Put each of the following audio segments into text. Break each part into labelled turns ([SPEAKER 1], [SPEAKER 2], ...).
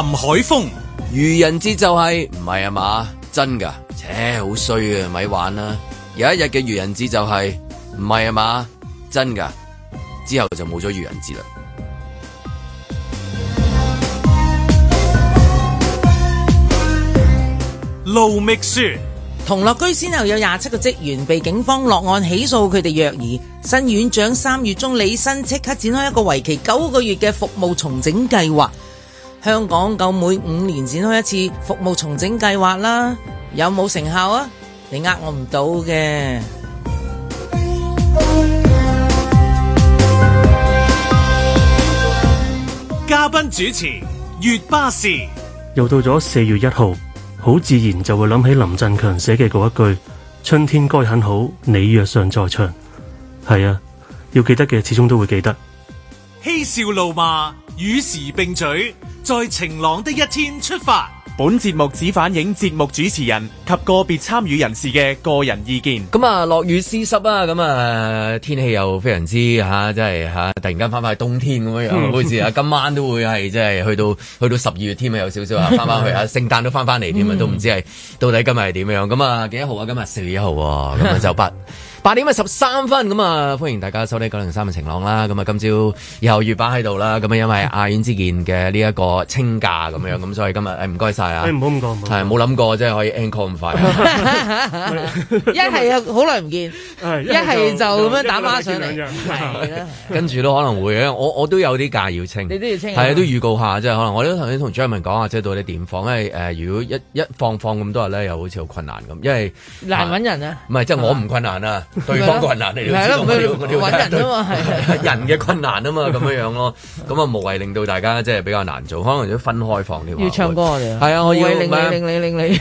[SPEAKER 1] 林海峰，愚
[SPEAKER 2] 人節就係唔係啊嘛，真㗎？切好衰啊，咪玩啦！有一日嘅愚人節就係唔係啊嘛，真㗎？之後就冇咗愚人節
[SPEAKER 3] 啦。
[SPEAKER 1] 盧覓雪，
[SPEAKER 3] 童樂居先後有廿七個職員被警方落案起訴，佢哋虐兒。新院長三月中履新，即刻展開一個為期九個月嘅服務重整計劃。香港夠每五年展開一次服務重整計劃啦，有冇成效啊？你呃我唔到嘅。
[SPEAKER 1] 嘉賓主持月巴氏，
[SPEAKER 4] 又到咗四月一號，好自然就會諗起林振強寫嘅嗰一句：春天該很好，你若尚在場。係啊，要記得嘅始終都會記得。
[SPEAKER 1] 嬉笑怒罵。與時並舉，在晴朗的一天出發。
[SPEAKER 2] 本節目只反映節目主持人及個別參與人士嘅個人意見。咁啊、嗯，落 雨絲濕啊，咁啊天氣又非常之吓，即係吓突然間翻翻去冬天咁樣樣，好似啊今晚都會係即係去到去到十二月添啊，有少少啊翻翻去啊，聖誕都翻翻嚟添啊，都唔知係到底今日係點樣。咁啊幾號啊？今日四月一號，咁啊就不？八點啊十三分咁啊，歡迎大家收睇九零三嘅晴朗啦！咁啊，今朝又月板喺度啦。咁啊，因為阿遠之見嘅呢一個清假咁樣，咁所以今日誒唔該晒啊！誒唔好咁講，係冇諗過即係可以 encore 咁快。
[SPEAKER 3] 一係好耐唔見，一係就咁樣打孖上嚟，
[SPEAKER 2] 跟住都可能會嘅。我我都有啲假要清，你
[SPEAKER 3] 都要清、啊，係啊，都預
[SPEAKER 2] 告下即係可能。我都頭先同張文講下，即係到底點放，因為誒、呃、如果一一放放咁多日咧，又好似好困難咁，因為、
[SPEAKER 3] 呃、難揾人啊。唔係，即、就、係、是、我唔
[SPEAKER 2] 困難啊。 對方困難嚟，搵人啊嘛，係人嘅困難啊嘛，咁樣樣咯，咁啊無謂令到大家即係比較難做，可能要分開放啲，要唱歌你啊，係啊，我要令你令你令你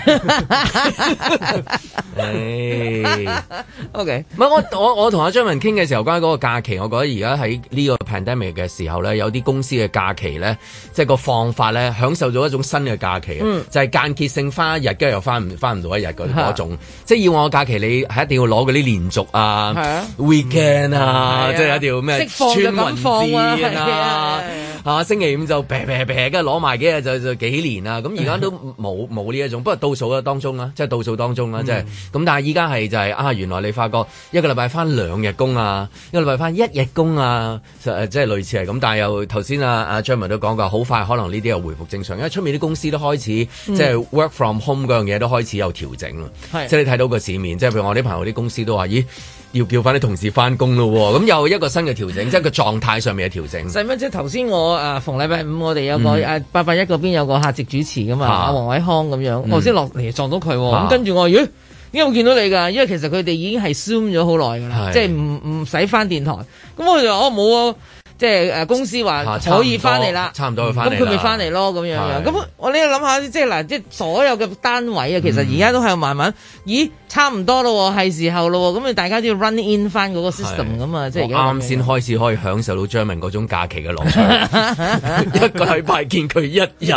[SPEAKER 2] ，OK，唔係我我我同阿張文傾嘅時候，關於嗰個假期，我覺得而家喺呢個 pandemic 嘅時候咧，有啲公司嘅假期咧，即係個放法咧，享受咗一種新嘅假期，就係間歇性返一日，跟住又返唔返唔到一日嗰種，即係要我假期你係一定要攞嗰啲連。族啊，weekend 啊，即係有條咩穿雲箭啊，下星期五就劈劈劈，跟住攞埋幾日就就幾年啦。咁而家都冇冇呢一種，不過倒數嘅當中啊，即、就、係、是、倒數當中啊，即係咁。嗯、但係依家係就係、是、啊，原來你發覺一個禮拜翻兩日工啊，一個禮拜翻一日工啊，即、就、係、是、類似係咁。但係又頭先啊啊張文都講過，好快可能呢啲又回復正常，因為出面啲公司都開始即係 work from home 嗰樣嘢都開始有調整，即係、嗯嗯、你睇到個市面，即係譬如我啲朋友啲公司都話，咦～咦要叫翻啲同事翻工咯，咁又一個新嘅調整， 即係個狀態上面嘅調整。
[SPEAKER 3] 使乜即係頭先我誒、呃、逢禮拜五我哋有個誒八八一嗰邊有個客席主持㗎嘛，阿黃偉康咁樣，我先落嚟撞到佢，咁、嗯嗯啊、跟住我話咦點解我見到你㗎？因為其實佢哋已經係 zoom 咗好耐㗎啦，是即係唔唔使翻電台。咁、嗯、我話我冇。哦、啊。」即係誒公司話可以翻嚟啦，差唔多翻嚟，咁佢咪翻嚟咯咁樣樣。咁我咧諗下，即係嗱，即係所有嘅單位啊，其實而家都係慢慢，咦，差唔多咯，係時候咯，咁你大家都要 run in 翻嗰個 system 咁啊，即係而家啱啱
[SPEAKER 2] 先開始可以享受到張明嗰種假期嘅樂趣，一個禮拜見佢一日，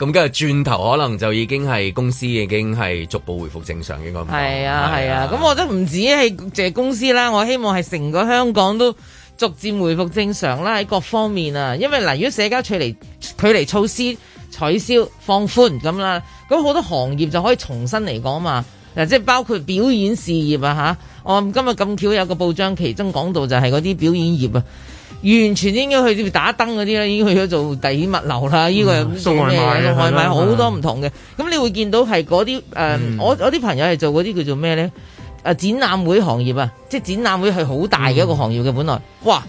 [SPEAKER 2] 咁跟住轉頭可能就已經係公司已經係逐步回復正常應該係。
[SPEAKER 3] 係啊係啊，咁我覺得唔止係謝公司啦，我希望係成個香港都。逐漸回復正常啦，喺各方面啊，因為嗱、呃，如果社交距離距離措施取消放寬咁啦，咁好、啊、多行業就可以重新嚟講嘛。嗱、啊，即係包括表演事業啊吓。我、啊、今日咁巧有個報章，其中講到就係嗰啲表演業啊，完全應該去打燈嗰啲啦，已經去咗做遞物流啦。呢、嗯、個送外賣啦、啊，外賣好多唔同嘅。咁、嗯、你會見到係嗰啲誒，呃嗯、我我啲朋友係做嗰啲叫做咩咧？啊！展覽會行業啊，即係展覽會係好大嘅一個行業嘅。本來，哇！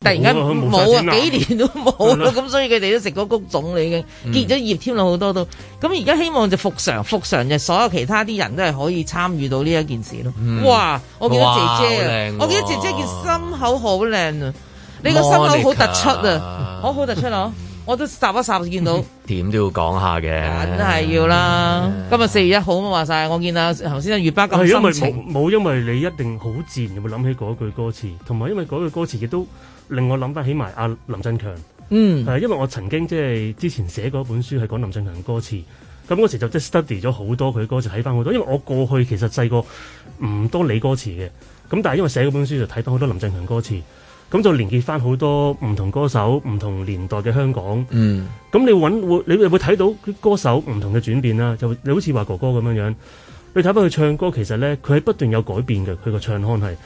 [SPEAKER 3] 突然間冇啊，幾年都冇啦，咁所以佢哋都食過谷種，你見，結咗業添啦好多都，咁而家希望就復常，復常就所有其他啲人都係可以參與到呢一件事咯。哇！我見到姐姐啊，我見到姐姐件心口好靚啊，
[SPEAKER 2] 你個心口好突出
[SPEAKER 3] 啊，好好突出啊！我都霎一霎見到，
[SPEAKER 2] 點 都要講下嘅，
[SPEAKER 4] 梗係
[SPEAKER 3] 要啦。嗯、今日四月一號嘛。話晒我見啊，頭先阿月巴咁深情，係因為
[SPEAKER 4] 冇，因為你一定好自然會諗起嗰句歌詞，同埋因為嗰句歌詞亦都令我諗得起埋阿林振強，嗯，係因為我曾經即係之前寫過一本書係講林振強歌詞，咁嗰時就即係 study 咗好多佢歌詞，睇翻好多，因為我過去其實細個唔多理歌詞嘅，咁但係因為寫嗰本書就睇翻好多林振強歌詞。咁就連結翻好多唔同歌手、唔同年代嘅香港。咁、嗯、你揾會，會，會，你會睇到歌手唔同嘅轉變啦。就你好似話哥哥咁樣樣，你睇翻佢唱歌，其實咧佢係不斷有改變嘅。佢個唱腔係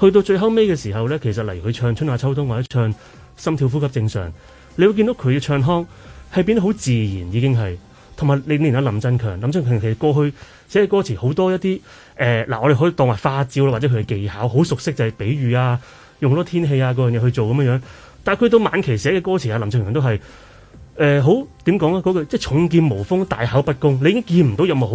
[SPEAKER 4] 去到最後尾嘅時候咧，其實嚟佢唱春夏秋冬或者唱心跳呼吸正常，你會見到佢嘅唱腔係變得好自然，已經係。同埋你睇下林振強、林振強其實過去寫嘅歌詞好多一啲誒嗱，我哋可以當為花招啦，或者佢嘅技巧好熟悉就係比喻啊。用多天氣啊嗰樣嘢去做咁樣樣，但係佢到晚期寫嘅歌詞啊，林俊傑都係誒好點講咧？嗰、呃、句即係重劍無鋒，大巧不工。你已經見唔到任何好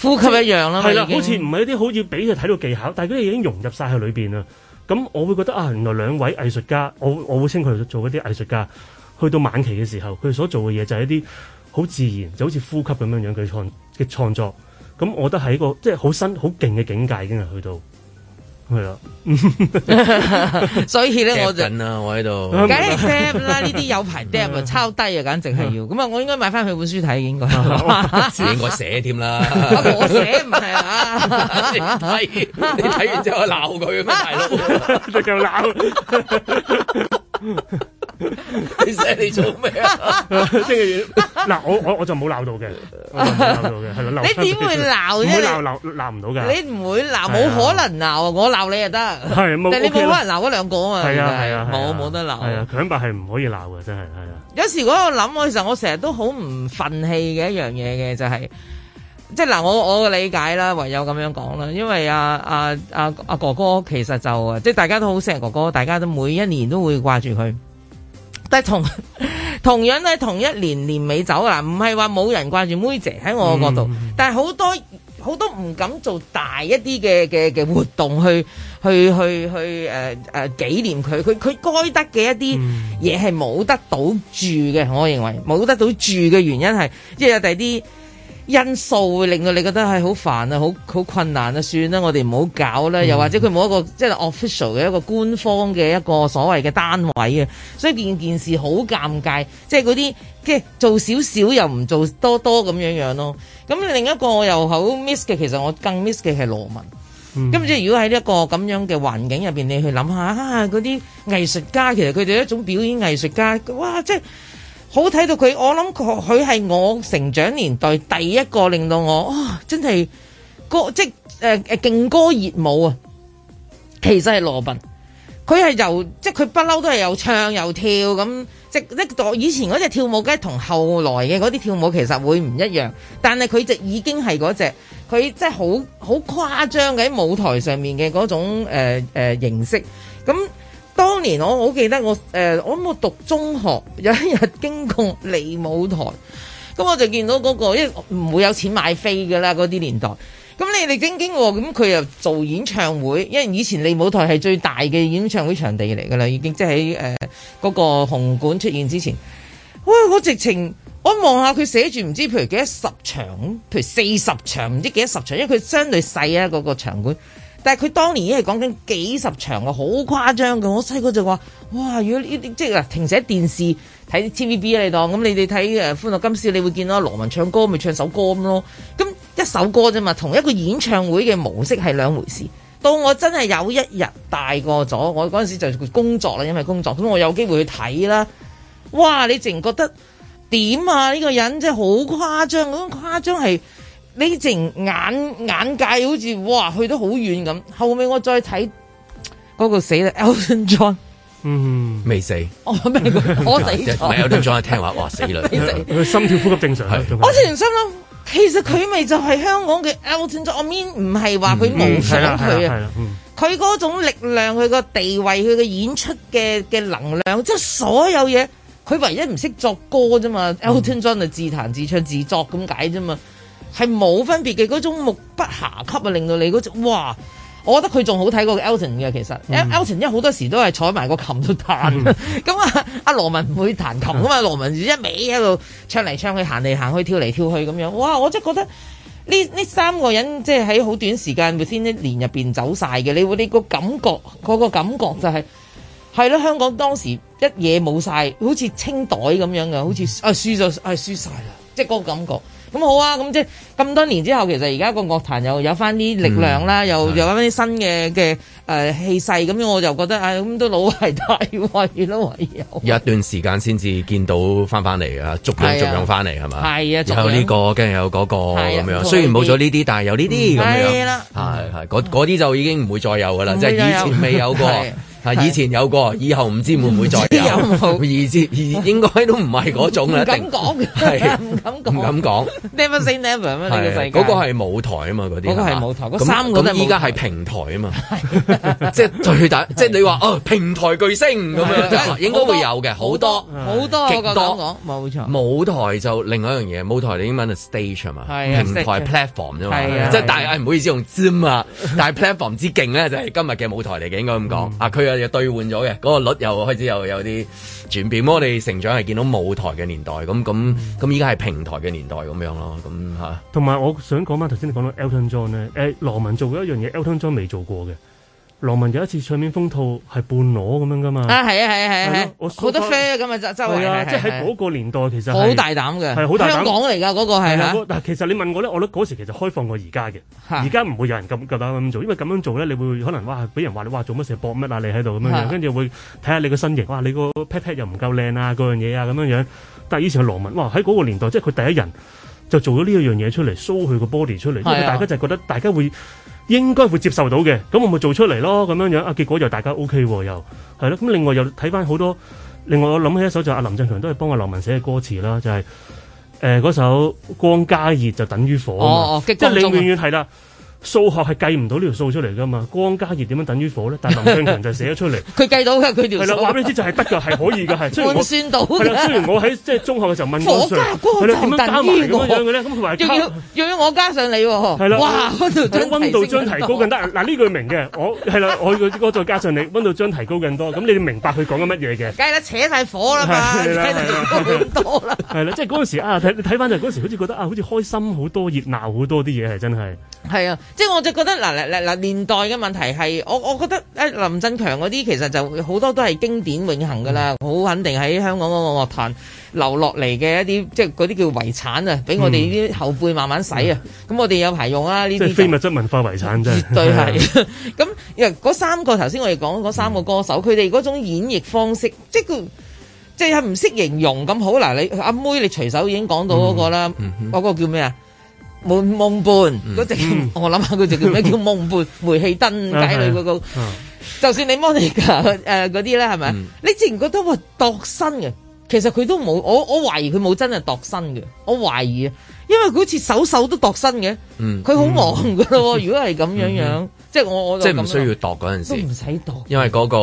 [SPEAKER 4] 呼吸一樣啦，係啦，好似唔係一啲好要俾佢睇到技巧，但係佢哋已經融入晒喺裏邊啦。咁我會覺得啊，原來兩位藝術家，我我會稱佢做一啲藝術家，去到晚期嘅時候，佢哋所做嘅嘢就係一啲好自然，就好似呼吸咁樣樣佢創嘅創作。咁我覺得係一個即係好新好勁嘅境界已經去到。係啦，所以咧我就，唔梗係跌啦！呢啲有排跌啊，
[SPEAKER 3] 抄低啊，簡直係要。咁啊，我應該買翻佢本書睇，應
[SPEAKER 2] 該。 應該寫添啦，
[SPEAKER 4] 我寫唔係啊，係你睇完之後鬧佢啊嘛，大佬，再講啦。 你使你做咩啊？嗱、 啊，我我我就冇鬧到嘅，我就冇鬧到嘅。係、嗯、啦。你點會鬧啫？鬧鬧鬧唔到嘅。你
[SPEAKER 3] 唔會鬧，冇、啊、可能鬧。我鬧你就得。係、啊，但你冇可能鬧嗰兩個啊。係啊，係啊，冇
[SPEAKER 4] 冇得鬧。係啊，強、啊啊、白係唔可以鬧嘅，真係
[SPEAKER 3] 係啊。有時嗰個諗嗰時候，我成日都好唔憤氣嘅一樣嘢嘅，就係、是。即係嗱，我我嘅理解啦，唯有咁樣講啦，因為啊啊啊啊哥哥其實就即係大家都好錫哥哥，大家都每一年都會掛住佢。但係同同樣咧同一年年尾走嗱，唔係話冇人掛住妹姐，喺我個角度，但係好多好多唔敢做大一啲嘅嘅嘅活動去去去去誒誒紀念佢，佢佢該得嘅一啲嘢係冇得到住嘅，我認為冇得到住嘅原因係即係有第啲。因素會令到你覺得係好、哎、煩啊，好好困難啊，算啦，我哋唔好搞啦。嗯、又或者佢冇一個即係、就是、official 嘅一個官方嘅一個所謂嘅單位啊，所以件件事好尷尬，即係嗰啲嘅做少少又唔做多多咁樣樣咯。咁另一個又好 miss 嘅，其實我更 miss 嘅係羅文。咁、嗯、即係如果喺呢一個咁樣嘅環境入邊，你去諗下啊，嗰啲藝術家其實佢哋一種表演藝術家，哇，即係～好睇到佢，我諗佢佢係我成長年代第一個令到我，哇、哦！真係歌即、呃、勁歌熱舞啊！其實係羅文，佢係由即係佢不嬲都係又唱又跳咁，即係以前嗰隻跳舞梗係同後來嘅嗰啲跳舞其實會唔一樣，但係佢就已經係嗰隻，佢真係好好誇張嘅喺舞台上面嘅嗰種誒誒、呃呃、形式咁。嗯當年我好記得我誒，我冇、呃、讀中學有一日經過利舞台，咁我就見到嗰、那個，因為唔會有錢買飛噶啦，嗰啲年代。咁你哋你經經過咁，佢又做演唱會，因為以前利舞台係最大嘅演唱會場地嚟噶啦，已經即係喺誒嗰個紅館出現之前。哇、哎！我直情我望下佢寫住唔知譬如幾多十場，譬如四十場，唔知幾多十場，因為佢相對細啊嗰個場館。但係佢當年已經係講緊幾十場啊，好誇張嘅。我細個就話，哇！如果呢啲即係嗱，停寫電視睇 TVB 啊，TV B，你當咁你哋睇誒《歡樂今宵》，你會見到羅文唱歌，咪唱首歌咁咯。咁一首歌啫嘛，同一個演唱會嘅模式係兩回事。到我真係有一日大個咗，我嗰陣時就工作啦，因為工作咁我有機會去睇啦。哇！你淨覺得點啊？呢、呢個人真係好誇張，咁誇張係。你隻眼眼界好似哇去得好遠咁，後尾我再睇嗰個死啦，Elton John，嗯
[SPEAKER 2] 未死，我
[SPEAKER 3] 明 我
[SPEAKER 4] 死唔了係 Elton John 聽話， 哇死啦！佢心跳呼吸正常，是是我突
[SPEAKER 3] 然心諗，其實佢咪就係香港嘅 Elton John，我明唔係話佢冇想佢啊，佢嗰、嗯嗯嗯、種力量，佢個地位，佢個演出嘅嘅能量，即係所有嘢，佢唯一唔識作歌啫嘛，Elton John 就自彈自唱自作咁解啫嘛。 係冇分別嘅嗰種目不暇給啊，令到你嗰種哇！我覺得佢仲好睇過 Elton 嘅其實、mm.，Elton 因為好多時都係坐埋個琴度彈。咁、mm. 啊，阿羅文唔會彈琴啊嘛，羅文一味喺度唱嚟唱去，行嚟行去，跳嚟跳去咁樣。哇！我真係覺得呢呢三個人即係喺好短時間，within 一年入邊走晒嘅。你你個感覺，嗰、那個感覺就係係咯，香港當時一嘢冇晒，好似清袋咁樣嘅，好似啊輸咗，係、啊、輸晒啦，即係嗰個感覺。咁好啊！咁即係咁多年之後，其實而家個樂壇又有翻啲力量啦，又又有翻啲新嘅嘅誒氣勢咁樣，我就覺得啊，咁都老係體會咯，唯有一
[SPEAKER 2] 段時間先至見到翻翻嚟啊，逐樣逐樣翻嚟係嘛？係啊，仲有呢個，跟住有嗰個咁樣。雖然冇咗呢啲，但係有呢啲咁樣。係係，嗰啲就已經唔會再有噶啦，即係以前未有過。以前有過，以後唔知會唔會再有。唔好意思，應該都唔係嗰種啦。唔敢講，係
[SPEAKER 3] 唔敢
[SPEAKER 2] 講。唔敢講。
[SPEAKER 3] Never say never，咩你嘅世界？嗰個係
[SPEAKER 2] 舞台啊嘛，嗰啲嚇。嗰個係舞台，嗰三個都係舞台。咁依家係平台啊嘛，即係最大。即係你話哦，平台巨星咁樣，應該會有嘅，好多好多，極多。
[SPEAKER 3] 冇
[SPEAKER 2] 錯。舞台就另外一樣嘢，舞台嘅英文係 stage 嘛，平台 platform 啫嘛。即係但係唔好意思用尖啊，但係 platform 之勁咧就係今日嘅舞台嚟嘅，應該咁講。啊，佢又～又兌換咗嘅，嗰個率又開始又有啲轉變。我哋成長係見到舞台嘅年代，咁咁咁依家係平台嘅年代咁樣咯。
[SPEAKER 4] 咁吓。同埋我想講翻，頭先你講到 Elton John 咧，誒羅文做過一樣嘢，Elton John 未做過嘅。羅文有一次唱片封套係半裸咁樣噶嘛？啊係啊係
[SPEAKER 3] 啊係啊係，好多 fashion 咁啊，周周圍，係啊，即係喺嗰
[SPEAKER 4] 個年代其實好大膽嘅，係好大膽開放嚟噶嗰個係啊。但係其實你問我咧，我諗嗰時其實開放過而家嘅，而家唔會有人咁夠膽咁做，因為咁樣做咧，你會可能哇俾人話你哇做乜成日搏乜啊？你喺度咁樣樣，跟住會睇下你個身形哇，你個 pat pat 又唔夠靚啊，嗰樣嘢啊咁樣樣。但係以前係羅文哇喺嗰個年代，即係佢第一人就做咗呢一樣嘢出嚟 show 佢個 body 出嚟，因為大家就覺得大家會。應該會接受到嘅，咁我咪做出嚟咯，咁樣樣啊，結果又大家 O K 喎，又係咯。咁另外又睇翻好多，另外我諗起一首就阿林振強都係幫阿劉文寫嘅歌詞啦，就係誒嗰首光加熱就等於火哦哦啊，即遠遠，即係你永遠係啦。數學係計唔到呢條數出嚟噶嘛？光加熱點樣等於火咧？但林正權就寫咗出嚟，佢計
[SPEAKER 3] 到噶佢條數。係啦，話俾你知就
[SPEAKER 4] 係得噶，係可以噶係。換算到係啦。雖然我喺即係中學嘅時候問過佢，你點樣加埋咁樣嘅咧？咁佢話
[SPEAKER 3] 要要我加上你。係啦，哇，
[SPEAKER 4] 溫度將提高更大。嗱呢句明嘅，我係啦，我個我再加上你，溫度將提高更多。咁你哋明白佢講緊乜嘢嘅？梗
[SPEAKER 3] 係啦，扯晒火啦嘛，多啦。
[SPEAKER 4] 係啦，即係嗰陣時啊，睇睇翻就嗰陣時好似覺得啊，好似開心好多，熱鬧好多啲嘢係真係。
[SPEAKER 3] 係啊，即係我就覺得嗱嗱嗱年代嘅問題係，我我覺得誒林振強嗰啲其實就好多都係經典永恆噶啦，好肯定喺香港嗰個樂壇留落嚟嘅一啲即係嗰啲叫遺產啊，俾我哋呢啲後輩慢慢使啊，咁我哋有排用啊呢啲。即係非物
[SPEAKER 4] 質文化遺產，真係絕對係。
[SPEAKER 3] 咁嗰三個頭先我哋講嗰三個歌手，佢哋嗰種演繹方式，即係佢即係唔識形容咁好啦。你阿妹你隨手已經講到嗰個啦，嗰個叫咩啊？夢夢伴嗰隻、嗯、叫，嗯、我諗下嗰隻叫咩 叫夢伴煤氣燈底裏嗰個，嗯、就算你 Monica 噶誒、呃、嗰啲咧係咪？嗯、你自然覺得話度身嘅，其實佢都冇，我我懷疑佢冇真係度身嘅，我懷疑啊，因為佢好似手手都度身嘅，佢好、嗯、忙噶咯，嗯、如果係咁樣樣。嗯 嗯即係我，我即係唔需
[SPEAKER 2] 要度嗰陣時，都唔使度。因為嗰個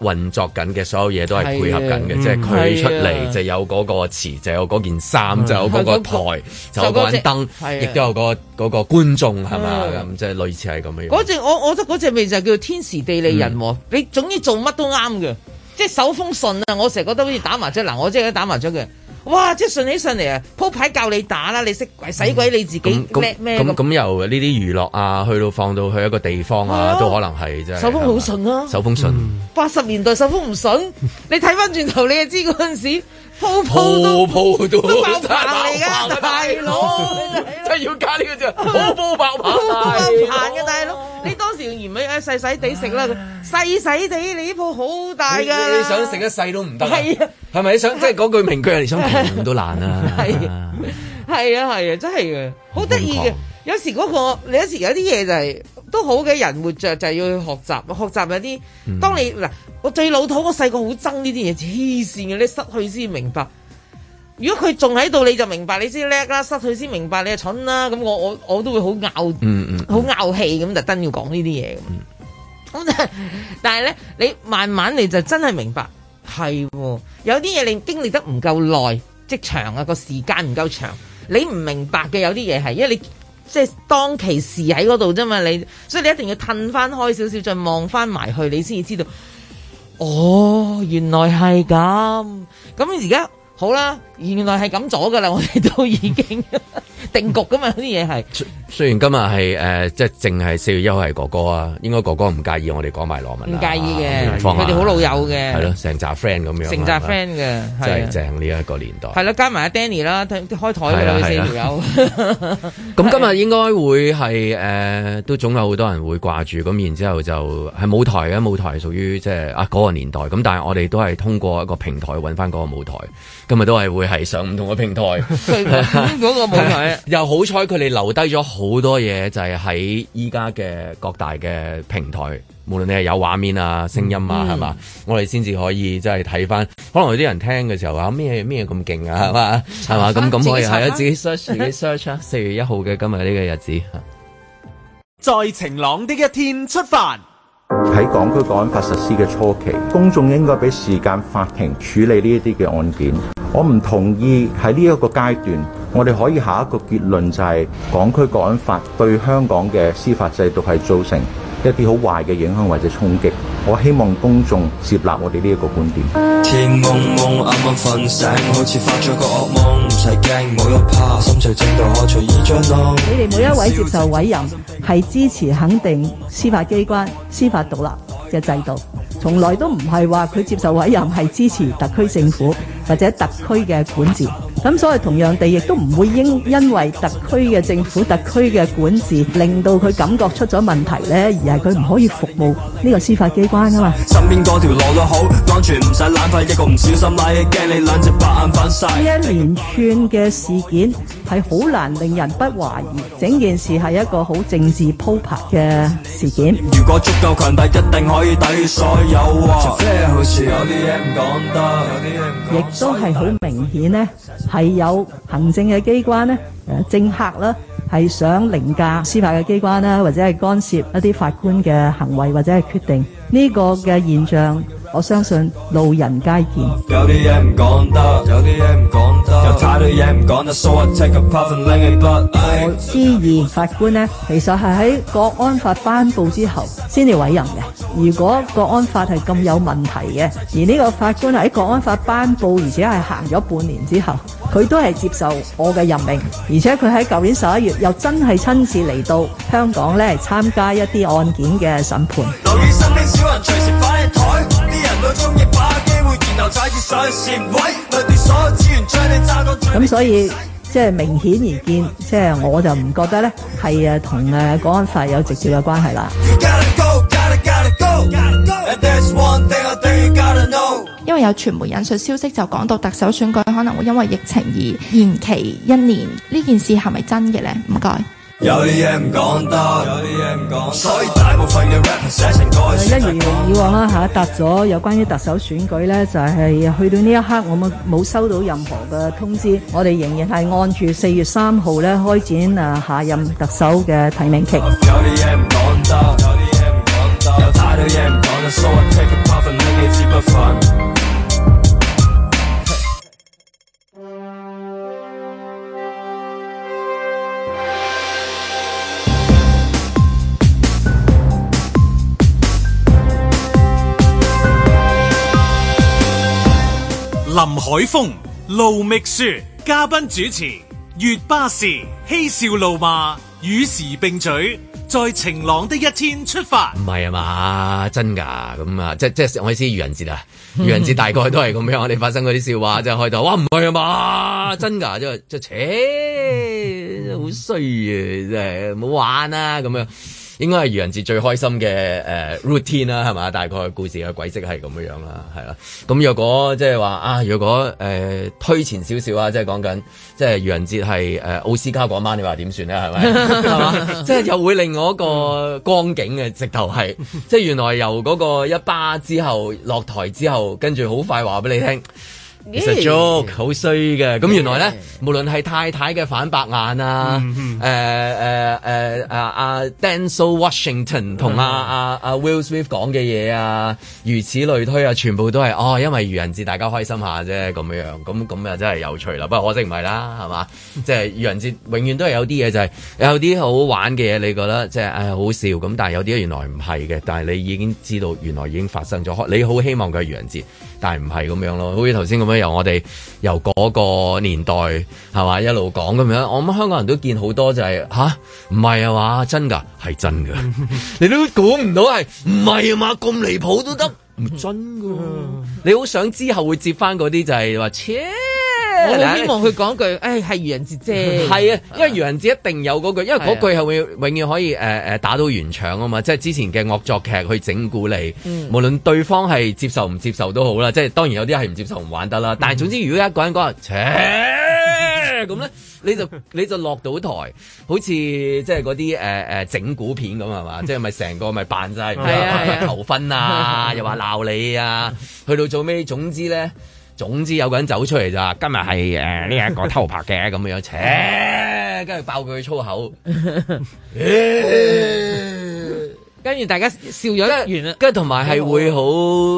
[SPEAKER 2] 運作緊嘅所有嘢都係配合緊嘅，即係佢出嚟就有嗰個詞，就有嗰件衫，就有嗰個台，就有盞燈，亦都有個嗰個觀眾係嘛，咁，即係類似係咁樣。嗰隻
[SPEAKER 3] 我，我覺得嗰隻味就叫做天時地利人和，你總之做乜都啱嘅。即係手風順啊！我成日覺得好似打麻雀嗱，我即係打麻雀嘅。哇！即係順起上嚟啊，鋪牌教你打啦，你識鬼使鬼你自己咩咩咁
[SPEAKER 2] 咁由呢啲娛樂啊，去到放到去一個地方啊，啊都可能係真手風好順啊，手風順。嗯
[SPEAKER 3] 八十年代首富唔順，你睇翻轉頭，你就知嗰陣時鋪鋪都
[SPEAKER 2] 鋪到爆棚嚟噶大
[SPEAKER 3] 佬，真係要加呢個字，鋪鋪爆棚，爆棚嘅大佬，你當時要嫌咩？細細地食啦，細細地，你啲鋪好大噶，你想
[SPEAKER 2] 食一世都唔得。係啊，係咪想即係嗰句名句嚟？想窮都難啦。
[SPEAKER 3] 係啊，係啊，係啊，真係嘅，好得意嘅！有時嗰個，你有時有啲嘢就係。都好嘅人活着就係要去學習，學習有啲，嗯、當你嗱，我最老土，我細個好憎呢啲嘢，黐線嘅，你失去先明白。如果佢仲喺度，你就明白，你先叻啦；失去先明白你，你係蠢啦。咁我我我都會好拗，嗯，嗯，好拗氣咁，特登要講呢啲嘢。咁但係咧，你慢慢你就真係明白，係有啲嘢你經歷得唔夠耐，即長啊個時間唔夠長，你唔明白嘅有啲嘢係，因為你。即係當其時喺嗰度啫嘛，你，所以你一定要褪翻開少少，再望翻埋去，你先至知道，哦，原來係咁。咁而家，好啦。原來係咁做㗎啦，我哋都已經定局㗎嘛，啲嘢係。
[SPEAKER 2] 雖然今日係誒，即係淨係四月一號係哥哥啊，應該哥哥唔介意我哋講埋羅文
[SPEAKER 3] 唔、啊、介意嘅，佢哋好老友嘅。係咯，
[SPEAKER 2] 成扎 friend 咁樣。成扎 friend 嘅，真係正呢一個年代。
[SPEAKER 3] 係咯，加埋阿 Danny 啦，都開台㗎啦，四條
[SPEAKER 4] 友。
[SPEAKER 2] 咁、 嗯、今日應該會係誒，都、呃、總有好多人會掛住。咁然之後，後就係舞台嘅，舞台係屬於即係啊嗰、啊嗰個年代。咁但係我哋都係通過一個平台揾翻嗰個舞台，今日都係會。係上唔同嘅平台，咁嗰個舞台又好彩，佢哋留低咗好多嘢，就係喺依家嘅各大嘅平台，無論你係有畫面啊、聲音啊，係嘛、嗯，我哋先至可以即係睇翻。可能有啲人聽嘅時候話：「咩咩咁勁啊，係嘛，係嘛 çalış upstairs、嗯。咁咁，以，又有自己 search、er、自己 search 啊。四月一號嘅今日呢個日子，
[SPEAKER 1] 再晴朗一啲嘅一天出發，
[SPEAKER 5] 喺港區國安法實施嘅初期，公眾應該俾時間法庭處理呢一啲嘅案件。我唔同意喺呢一個階段，我哋可以下一個結論就係港區國安法對香港嘅司法制度係造成一啲好壞嘅影響或者衝擊。我希望公眾接納我哋呢一個觀點。天
[SPEAKER 2] 蒙蒙，啱啱瞓醒，好似發咗
[SPEAKER 1] 個惡夢，唔使驚。你哋每一位接受
[SPEAKER 5] 委任係支持肯定司法機關、司法獨立嘅制度，從來都唔係話佢接受委任係支持特區政府，或者特區嘅管治，咁所以同樣地亦都唔會因因為特區嘅政府、特區嘅管治，令到佢感覺出咗問題咧，而係佢唔可以服務呢個司法機關啊嘛。
[SPEAKER 2] 身邊嗰條路都好安全，唔使懶快，一個唔小
[SPEAKER 1] 心拉起驚你兩隻白眼粉。呢一
[SPEAKER 5] 連串嘅事件係好難令人不懷疑，整件事係一個好政治鋪排嘅事件。如
[SPEAKER 2] 果足夠強大，一定可以抵擋誘惑。有啲嘢唔講
[SPEAKER 1] 得。
[SPEAKER 5] 都係好明顯咧，係有行政嘅機關咧，誒政客啦，係想凌駕司法嘅機關啦，或者係干涉一啲法官嘅行為或者係決定。呢個嘅現象，我相信路人皆見。
[SPEAKER 2] 我
[SPEAKER 5] 之二法官呢，其實係喺國安法頒布之後先至委任嘅。如果國安法係咁有問題嘅，而呢個法官係喺國安法頒布而且係行咗半年之後，佢都係接受我嘅任命，而且佢喺舊年十一月又真係親自嚟到香港呢，參加一啲案件嘅審判。咁所，所以即係、就是、明顯而見，即係我就唔覺得咧係誒同誒嗰件事有直接嘅關係啦。
[SPEAKER 3] 因
[SPEAKER 5] 為有傳媒引述消息就講到特首選舉可能會因為疫情而延期一年，呢件事係咪真嘅咧？唔該。有以往啦嚇，下達咗有關於特首選舉咧，就係、是、去到呢一刻，我冇冇收到任何嘅通知，我哋仍然係按住四月三號咧開展啊下任特首嘅提名期。
[SPEAKER 1] 林海峰、盧覓雪嘉賓主持，月巴士嬉笑怒罵，與時並舉，在晴朗的一天出發。
[SPEAKER 2] 唔係啊嘛，真噶咁啊，即即，即我意思，愚人節啊，愚人節大概都係咁樣，我哋發生嗰啲笑話真係開到，哇唔係啊嘛，真噶，即即扯：
[SPEAKER 4] 「
[SPEAKER 2] 好衰啊，真係唔好玩啊！」咁樣。應該係愚人節最開心嘅誒、呃、routine 啦，係嘛？大概故事嘅軌跡係咁樣樣啦，係啦。咁若果即係話啊，若果誒、呃、推前少少啊，即係講緊即係愚人節係誒奧斯卡嗰晚，你話點算咧？係咪？係嘛？即係又會令我一個光景嘅直頭係， 即係原來由嗰個一巴之後落台之後，跟住好快話俾你聽。
[SPEAKER 4] 其實 Joke
[SPEAKER 2] 好衰嘅，咁 Yeah. 原來咧，Yeah. 無論係太太嘅反白眼啊，誒誒誒啊、mm hmm. 啊，Denzel Washington 同阿阿阿 Will Smith 講嘅嘢啊，如此類推啊，全部都係哦，因為愚人節大家開心下啫，咁樣，咁咁又真係有趣啦。不過可惜唔係啦，係、就、嘛、是，即係愚人節永遠都係有啲嘢就係、是、有啲好玩嘅嘢，你覺得即係唉好笑，咁但係有啲原來唔係嘅，但係你已經知道原來已經發生咗，你好希望佢係愚人節。但唔係咁樣咯，好似頭先咁樣由我哋由嗰個年代係嘛一路講咁樣，我諗香港人都見好多就係、是、吓？唔係啊嘛？真㗎係真㗎， 你都估唔到係唔係啊嘛？咁離譜都得唔真㗎， 你好想之後會接返嗰啲就係話切。
[SPEAKER 3] 我好希望佢講句，誒係愚人節啫。係 啊，因為愚人節
[SPEAKER 2] 一定有嗰句，因為嗰句係會永遠可以誒誒、呃、打到圓場啊嘛。即係之前嘅惡作劇去整蠱你，嗯、無論對方係接受唔接受都好啦。即係當然有啲係唔接受唔玩得啦。但係總之，如果一個人講，請咁咧，你就你就落到台，好似即係嗰啲誒誒整蠱片咁係嘛？即係咪成個咪扮晒求婚啊？ 又話鬧你啊？去到做咩？總之咧。總之有個人走出嚟就話，今日係誒呢一個偷拍嘅，咁樣扯，跟、欸、住爆佢粗口，跟、欸、住 大家笑咗完跟住同埋係會好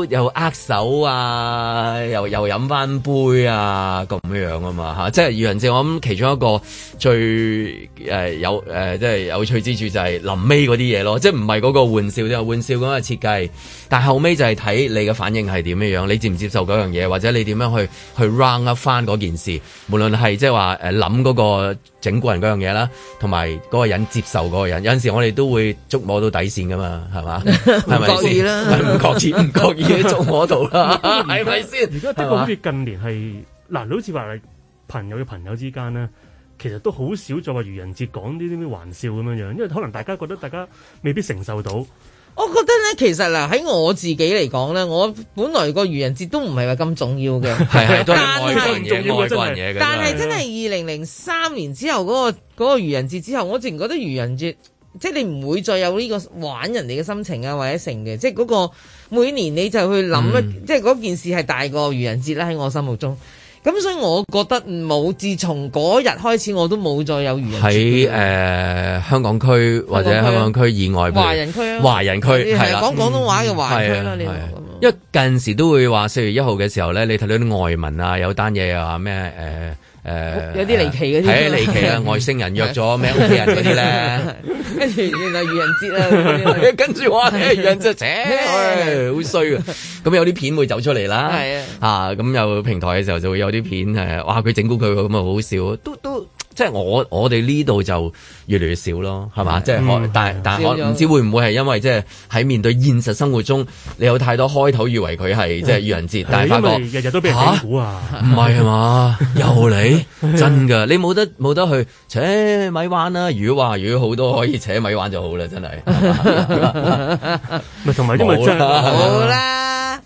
[SPEAKER 2] 又握手啊，又又飲翻杯啊，咁樣樣啊嘛吓，即係愚人節，我諗其中一個最誒有誒即係有趣之處就係臨尾嗰啲嘢咯，即係唔係嗰個玩笑啲啊玩笑咁嘅設計。但後尾就係睇你嘅反應係點樣樣，你接唔接受嗰樣嘢，或者你點樣去去 round up 翻嗰件事，無論係即係話誒諗嗰個整個人嗰樣嘢啦，同埋嗰個人接受嗰個人，有陣時我哋都會觸摸到底線噶嘛，係嘛？
[SPEAKER 4] 係咪先？唔覺意啦，唔覺意，唔覺意，觸摸到啦，係咪先？而家的確好似近年係嗱，吧啊、好似話朋友嘅朋友之間呢，其實都好少再話愚人節講啲啲啲玩笑咁樣樣，因為可能大家覺得大家未必承受到。我
[SPEAKER 3] 覺得咧，其實嗱喺我自己嚟講咧，我本來個愚人節都唔係話咁重要嘅 是， 但係真係二零零三年之後嗰、嗰個愚、嗰個、人節之後，我自然覺得愚人節即係你唔會再有呢、呢個玩人哋嘅心情啊或者成嘅，即係、嗰、嗰個每年你就去諗一，嗯、即係嗰件事係大過愚人節啦喺我心目中。咁、嗯、所以，我覺得冇自從嗰日開始，我都冇再有。喺誒、呃、香
[SPEAKER 2] 港區，香港區、啊、或者香港區以外，華人區啊，華人區係啊，講的廣東話嘅華人區啦、啊，呢個、嗯。因為近時都會話，四月一號嘅時候咧，你睇到啲外文啊，有單嘢又話咩誒？誒，呃、有啲離奇嗰啲，係離、啊、奇啊！外星人約咗咩屋企人嗰啲咧？
[SPEAKER 3] 跟住 原來愚人節啊！ 跟住我係愚人節姐，
[SPEAKER 2] 好衰啊！咁 有啲片會走出嚟啦，吓咁、 啊、有平台嘅時候就會有啲片誒，哇！佢整蠱佢咁啊，好笑都都。都即係我我哋呢度就越嚟越少咯，係嘛？即係我但係但係我唔知會唔會係因為即係喺面對現實生活中，你有太多開頭以為佢係即係愚人節，但係發覺日日都俾人低估啊！唔係嘛？又嚟真噶，你冇得冇得去扯米玩啦！如果話如果好多可以扯米玩就好啦，真係咪同埋都咪追啦。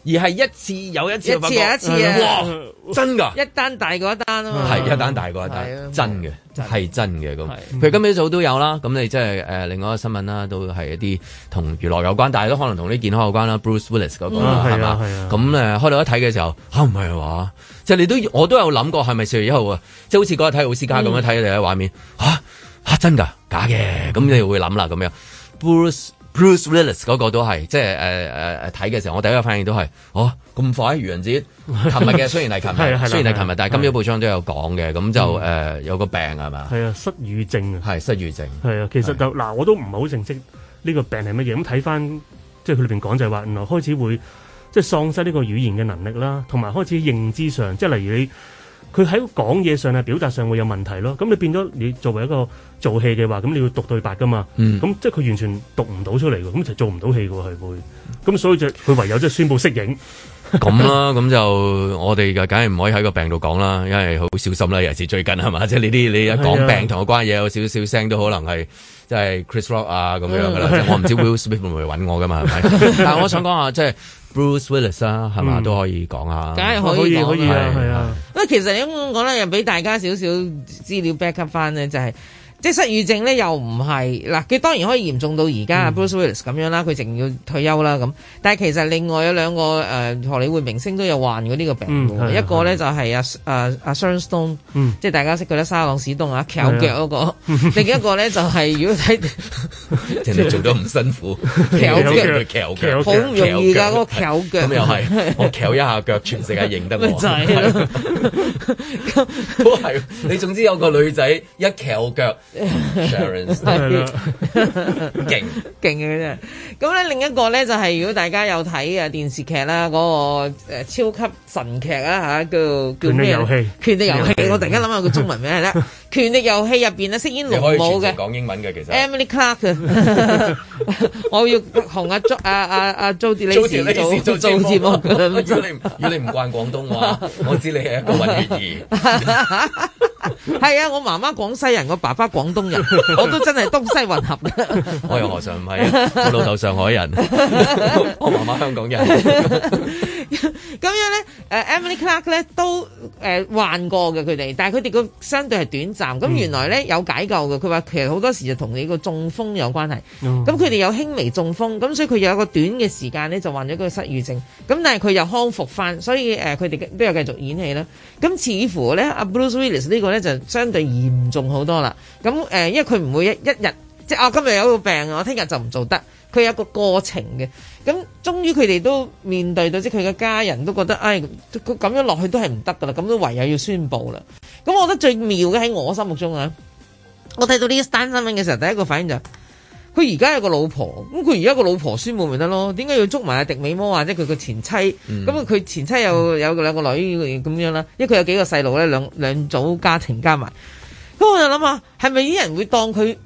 [SPEAKER 2] 而係一次又一次，一次又一次啊！哇，真噶！一
[SPEAKER 3] 單大過一單咯，係一單大
[SPEAKER 2] 過一單，真嘅，係真嘅咁。譬如今日早都有啦，咁你即係誒另外一個新聞啦，都係一啲同娛樂有關，但係都可能同啲健康有關啦。Bruce Willis 嗰個係嘛？咁誒開到一睇嘅時候，吓，唔係話，即係你都我都有諗過，係咪四月一號啊？即係好似嗰日睇奧斯卡咁樣睇你喺畫面，吓，嚇真㗎，假嘅，咁你會諗啦咁樣。Bruce Bruce Willis 嗰個都係，即係誒誒誒睇嘅時候，我第一個反應都係，哦、啊、咁快愚人節，琴日嘅，雖然係琴日，雖然係琴日，但係今朝報章都有講嘅，咁就誒、呃、有個病係嘛？
[SPEAKER 4] 係啊，失語症啊，失語症。係啊，啊，其實就嗱、啊，我都唔係好正識呢個病係乜嘢，咁睇翻即係佢裏邊講就係、是、話，原來開始會即係喪失呢個語言嘅能力啦，同埋開始認知上，即係例如你。佢喺講嘢上係，表達上會有問題咯。咁你變咗你作為一個做戲嘅話，咁你要讀對白噶嘛？咁即係佢完全讀唔到出嚟嘅，咁就做唔到戲嘅喎係會。咁所以就佢唯有即係宣布息影。
[SPEAKER 2] 咁啦、啊，咁、嗯、 就我哋梗係唔可以喺個病度講啦，因為好小心啦，尤其是最近係嘛？即係你啲你一講病同我關嘢有少少，少聲，都可能係即係 Chris Rock 啊咁樣噶啦。 我唔知 Will Smith 會唔會揾我噶嘛？係咪？ 但係我想講下，即係。Bruce Willis 啦、嗯，係嘛都可以講下，梗係可以、啊、可以可以啊，係啊，
[SPEAKER 3] 喂、啊，其實你咁講咧，又俾大家少少資料 back up 翻咧，就係、是。即係失語症咧，又唔係嗱，佢當然可以嚴重到而家 Bruce Willis 咁樣啦，佢仲要退休啦咁。但係其實另外有兩個誒荷里活明星都有患過呢個病嘅，一個咧就係阿阿阿 Sharon Stone，即係大家識佢啦，沙朗史東啊，翹腳嗰個。另一個咧就係如果睇人哋做咗
[SPEAKER 2] 唔辛苦，翹腳好唔容易㗎，嗰個翹腳咁又係我翹一下腳，全世界認得我。都係你，總之有個女仔一翹腳。係咯，勁
[SPEAKER 3] 勁嘅真係。咁 咧， 另一個咧就係、是、如果大家有睇啊電視劇啦，嗰、那個誒超級神劇啊吓，叫叫咩？權力遊戲，權力遊戲。我突然間諗下個中文名係咧。 權力遊戲入邊咧飾演龍母嘅，講英文嘅其實 Emily Clark 我要同阿阿啊阿 Zod 李做做節目 De。 如果你如果
[SPEAKER 2] 你唔慣廣東話， 我知你係一個混
[SPEAKER 3] 血兒。係 啊，我媽媽廣西人，我爸爸廣東人， 我都真係東西混合。 我又
[SPEAKER 2] 何嘗唔係啊？我老豆上海人，
[SPEAKER 3] 我
[SPEAKER 2] 媽媽香港人
[SPEAKER 3] 呢。咁樣咧，誒 Emily Clark 咧都誒、呃、患過嘅，佢哋，但係佢哋個相對係短暫。咁、嗯、原來咧有解救嘅，佢話其實好多時就同你個中風有關係。咁佢哋有輕微中風，咁所以佢有一個短嘅時間咧就患咗一個失語症。咁但係佢又康復翻，所以誒佢哋都有繼續演戲啦。咁似乎咧阿 Bruce Willis 呢個咧就相對嚴重好多啦。咁誒，因為佢唔會一一日即係啊、哦，今日有個病我聽日就唔做得。佢有一個過程嘅。咁終於佢哋都面對到，即係佢嘅家人都覺得，唉、哎，佢咁樣落去都係唔得噶啦，咁都唯有要宣佈啦。咁我覺得最妙嘅喺我心目中啊，我睇到呢單新聞嘅時候，第一個反應就係，佢而家有個老婆，咁佢而家個老婆宣佈咪得咯？點解要捉埋阿迪美摩或者佢個前妻？咁佢、嗯、前妻有、嗯、有兩個女咁樣啦，因為佢有幾個細路咧，兩兩組家庭加埋，咁我就諗下，係咪啲人會當佢？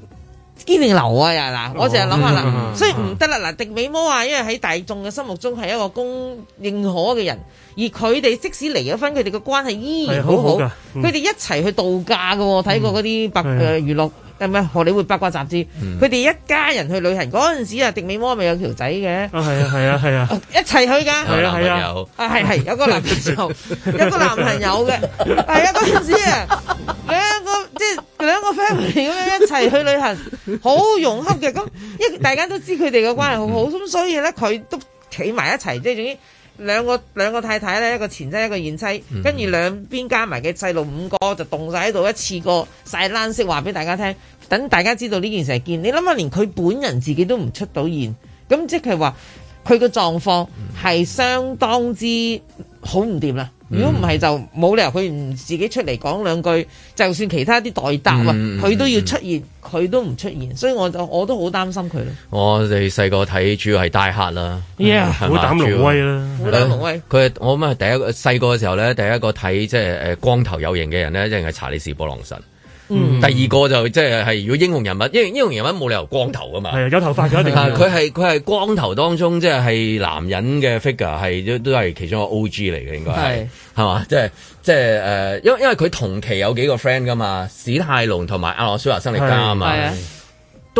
[SPEAKER 3] 堅定留啊！又嗱、啊，我就係諗下啦，嗯、所以唔得啦嗱。迪美摩啊，因為喺大眾嘅心目中係一個公認可嘅人，而佢哋即使離咗婚，佢哋嘅關係依然好，好好好，好好。佢、嗯、哋一齊去度假噶，睇過啲白嘅娛樂。嗯係咪荷里活八卦雜誌？佢哋、嗯、一家人去旅行嗰陣時啊，迪美摩咪有條仔嘅，
[SPEAKER 4] 係啊係啊係啊，
[SPEAKER 3] 一齊去噶，男啊，啊啊 有男友啊係係、啊啊、有個男朋友， 有個男朋友嘅，係啊嗰陣時啊，兩個即係兩個 family 咁樣一齊去旅行，好融洽嘅。咁一大家都知佢哋嘅關係好好，咁 所以咧佢都企埋一齊，即係總之。兩個兩個太太咧，一個前妻一個現妻，跟住兩邊加埋嘅細路五個就凍晒喺度，一次過晒冷色話俾大家聽，等大家知道呢件事係堅。你諗下，連佢本人自己都唔出到現，咁即係話佢嘅狀況係相當之好唔掂啦。如果唔係就冇理由佢唔自己出嚟講兩句，就算其他啲代答啊，佢、嗯嗯、都要出現，佢都唔出現，所以我就我都好擔心佢咯。
[SPEAKER 2] 我哋細個睇主要係 Die Hard 啦 yeah 虎膽龍威啦，虎膽龍威。佢我諗係第一個細個嘅時候咧，第一個睇即係誒光頭有型嘅人咧，一定係查理士布朗臣。嗯，第二個就即係係如果英雄人物，因為英雄人物冇理由光頭㗎嘛，係啊，有頭髮嘅一定，佢係佢係光頭當中即係係男人嘅 figure，係都都係其中一個 O.G. 嚟嘅應該係係嘛，即係即係誒，因為因為佢同期有幾個 friend 㗎嘛，史泰龍同埋阿諾·舒華辛力加嘛。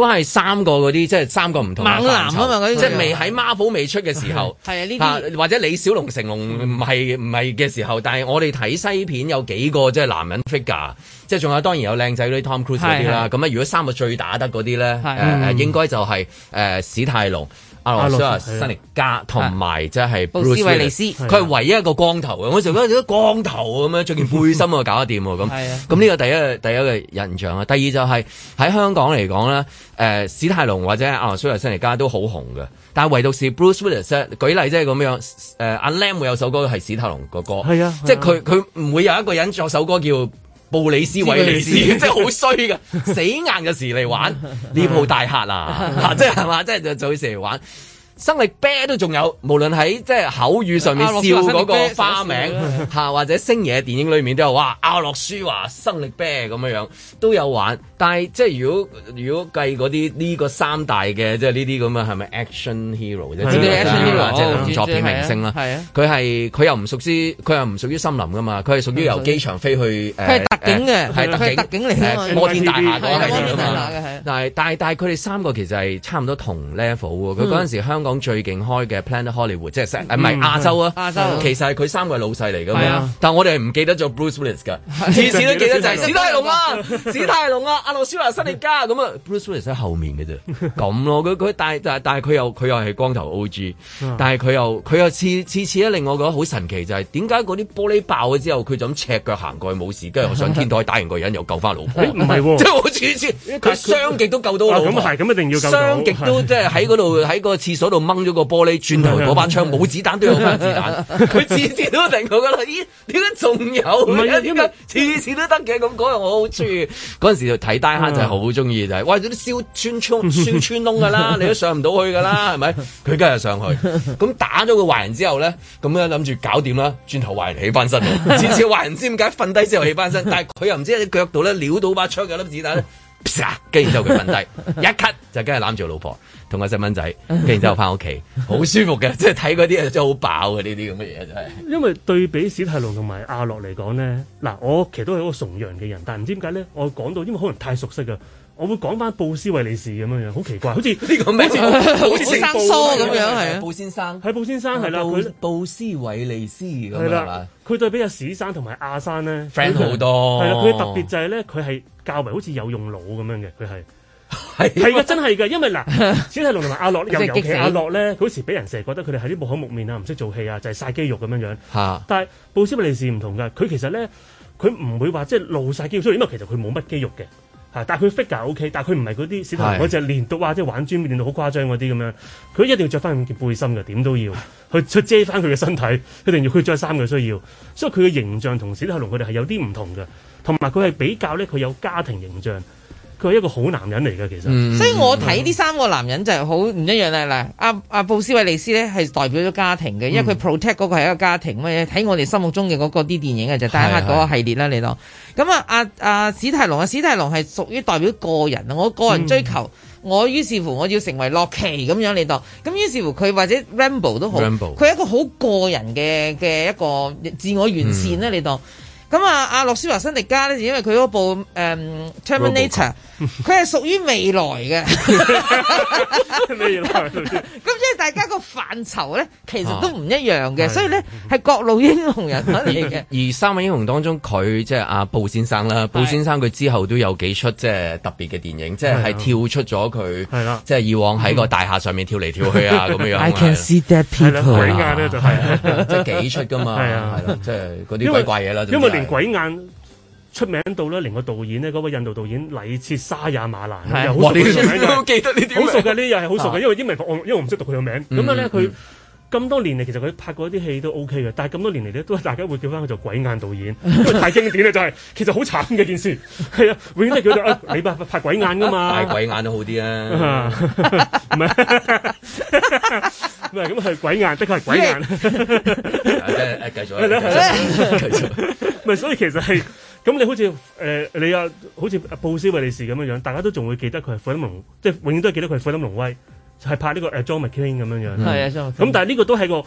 [SPEAKER 2] 都係三個嗰啲，即係三個唔同猛男啊嘛！即係未喺 Marvel 未出嘅時候，係啊呢啲，或者李小龍、成龍唔係唔係嘅時候。但係我哋睇西片有幾個即係男人 figure，即係仲有當然有靚仔嗰啲 Tom Cruise 嗰啲啦。咁啊，如果三個最打得嗰啲咧，誒係啊、呃、應該就係、是、誒、呃、史泰龍。阿羅素啊，辛尼加同埋即係布魯斯威利斯，佢係唯一一個光頭嘅。我成日覺得光頭咁樣着件背心 啊，搞得掂喎。咁咁呢個第一個第一嘅印象啊。第二就係、是、喺香港嚟講咧，誒、呃、史泰龍或者阿羅素啊，辛尼加都好紅嘅，但係唯獨是布魯斯威利斯，舉例即係咁樣。誒阿 Lam 會有首歌係史泰龍嘅歌，係啊，啊即係佢佢唔會有一個人作首歌叫。布里斯韋利斯，即係好衰嘅，死硬嘅時嚟玩，臉好大客啊！即係係嘛，即係就做佢時嚟玩。生力啤都仲有，無論喺即係口語上面笑嗰個花名嚇，或者星爺電影裏面都有哇！阿諾舒華生力啤咁樣都有玩，但係即係如果如果計嗰啲呢個三大嘅，即係呢啲咁啊，係咪 action hero 啫？action hero 即係動作片明星啦，係啊，佢係佢又唔屬於佢又唔屬於森林㗎嘛，佢係屬於由機場飛去誒。景嘅，係特警嚟嘅，摩天大廈嗰個嚟嘅嘛。但係但係但係佢哋三個其實係差唔多同 level 嘅。佢嗰陣時香港最勁開嘅 Planet Hollywood 即係成，唔係亞洲啊。亞洲其實係佢三個老細嚟嘅。係啊。但係我哋唔記得咗 Bruce Willis 㗎，次次都記得就係史泰龍
[SPEAKER 4] 啊，史泰龍
[SPEAKER 3] 啊，阿諾斯華
[SPEAKER 2] 辛力加咁啊，Bruce Willis 喺後面嘅啫。咁咯，佢但係但係佢又佢又係光頭 OG，但係佢又佢又次次次令我覺得好神奇就係點解嗰啲玻璃爆咗之後，佢就咁赤腳行過去冇事。今日天台打完個人又救翻老婆，唔係即係我次
[SPEAKER 4] 次佢雙極
[SPEAKER 2] 都救到我老婆，咁係咁一定要救。雙極都即係喺嗰度喺個廁所度掹咗個玻璃，轉頭嗰班槍冇子彈都有，揾子彈，
[SPEAKER 4] 佢次
[SPEAKER 3] 次都佢噶
[SPEAKER 2] 啦。咦？點解
[SPEAKER 1] 仲有？點
[SPEAKER 2] 解次次都得嘅？咁講又我好中意嗰陣時大就睇 Die Hard 就係好中意就係，喂，嗰啲燒穿穿窿㗎啦，你都上唔到去㗎啦，係咪？佢今日上去，咁 打咗個壞人之後咧，咁咧諗住搞掂啦，轉頭壞人起翻身，次次壞人知點解瞓低之後起翻身？佢又唔知喺腳度咧，撩到把槍嘅粒子彈，啪！跟住之後佢瞓低一咳，就梗係攬住老婆同個細蚊仔，跟住之後翻屋企，好 舒服嘅，即係睇嗰啲啊，真係好飽嘅呢啲咁嘅嘢，真係。真
[SPEAKER 4] 因為對比史泰龍同埋阿洛嚟講咧，嗱，我其實都係一個崇洋嘅人，但係唔知點解咧，我講到因為可能太熟悉啊。我會講翻布斯維利士咁樣樣，好奇怪，好似呢個名，好似生疏咁樣，係啊，布先生係布先生係啦，布斯維利斯係啦，佢對比阿史生同埋亞生咧，friend 好多，係啦，佢特別就係咧，佢係較為好似有用腦咁樣嘅，佢係係嘅，真係嘅，因為嗱，史泰龍同埋阿樂，尤其阿樂咧，嗰時俾人成日覺得佢哋係啲木口木面啊，唔識做戲啊，就係晒肌肉咁樣樣。但係布斯維利士唔同嘅，佢其實咧，佢唔會話即係露晒肌肉出嚟，因為其實佢冇乜肌肉嘅。嚇！但係佢 figure O、okay, K，但係佢唔係嗰啲史泰龍只練到啊，即係玩磚面練到好誇張嗰啲咁樣，佢一定要著翻件背心嘅，點都要去出遮翻佢嘅身體，佢一定要佢着衫嘅需要，所以佢嘅形象同史泰龍佢哋係有啲唔同嘅，同埋佢係比較咧，佢有家庭形象。佢係一個好男人嚟㗎，其
[SPEAKER 3] 實。嗯、所以我睇呢三個男人就係好唔一樣啦。嗱，阿、啊、阿、啊、布斯維利斯咧係代表咗家庭嘅，因為佢 protect 嗰個係一個家庭乜嘢。喺我哋心目中嘅嗰個啲電影啊，就、嗯《戴克》嗰個系列啦，是是你當。咁啊，阿阿史泰龍啊，史泰龍係屬於代表個人，我個人追求。嗯、我於是乎我要成為洛奇咁樣，你當。咁於是乎佢或者 Rambo 都好，Rambo 佢係一個好個人嘅嘅一個自我完善咧，你當、嗯。嗯咁啊，阿諾舒華辛力加咧，就因為佢部誒《Terminator》，佢係屬於未來嘅。未來。咁即係大家個範疇咧，其實都唔一樣嘅，所以咧係各路英雄人物嚟嘅。
[SPEAKER 2] 而三位英雄當中，佢即係阿布先生啦。布先生佢之後都有幾出即係特別嘅電影，即係係跳出咗佢，係即係以往喺個大廈上面跳嚟跳去啊咁樣 I can see dead people 啊！鬼就係即係幾出㗎嘛，係啊，
[SPEAKER 4] 係即係啲鬼怪嘢啦。因鬼眼出名到咧，連個導演咧，嗰個印度導演黎切沙雅馬蘭，好的熟呢啲名，好熟嘅呢又係好熟嘅， 因為英文我，因為我唔識讀佢嘅名，咁樣咧佢。他咁多年嚟，其實佢拍過一啲戲都 O K 嘅，但係咁多年嚟咧，都係大家會叫翻佢做鬼眼導演，因為太經典啦，就係、是、其實好慘嘅件事。係啊，永遠都係叫做 啊，你唔拍鬼眼噶嘛？拍鬼眼都好啲啊，唔係咁係鬼眼，的確係鬼眼。誒誒，繼續啦，繼續，繼續。繼續 所以其實係咁，你好似誒、呃、你啊，好似布斯維利士咁樣樣，大家都仲會記得佢係虎膽龍，即係永遠都係記得佢係虎膽龍威。係拍呢個 Atomic King 咁、嗯、樣樣，係啊，錯。 咁、嗯、但係呢個都係個，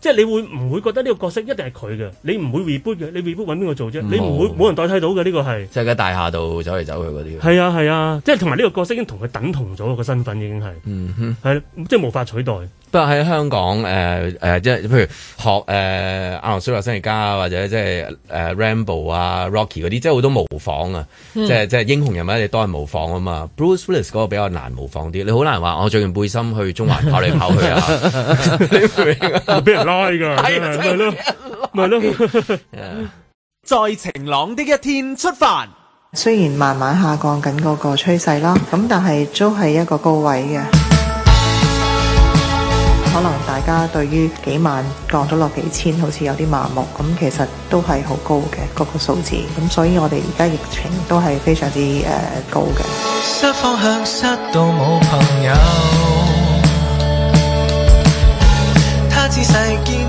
[SPEAKER 4] 即係你會唔會覺得呢個角色一定係佢嘅？你唔會 reboot 嘅，你 reboot 揾邊個做啫？不好 你唔會冇人代替到嘅呢、呢個係。即係喺大廈度走嚟走去嗰啲。係 啊係啊，即係同埋呢個角色已經同佢等同咗個身份，已經係，係、嗯、哼即係無法取代。不過喺
[SPEAKER 2] 香港，誒誒，即係譬如學誒阿諾舒華辛力加，或者即係誒 Rambo 啊、Rocky 嗰啲，即係好多模仿啊！即係即係英雄人物，你多人模仿啊嘛。Bruce Willis 嗰個比較難模仿啲，你好難話我著件背心去中環跑嚟跑去啊！
[SPEAKER 1] 俾人拉㗎，係咪咯？係咯。在晴朗的一天出發，
[SPEAKER 5] 雖然慢慢下降緊嗰個趨勢啦，咁但係都係一個高位嘅。可能大家對於幾萬降咗落幾千，好似有啲麻木。咁其實都係好高嘅個個數字。咁所以我哋而家疫情都係非常之誒、呃、高嘅。
[SPEAKER 1] 失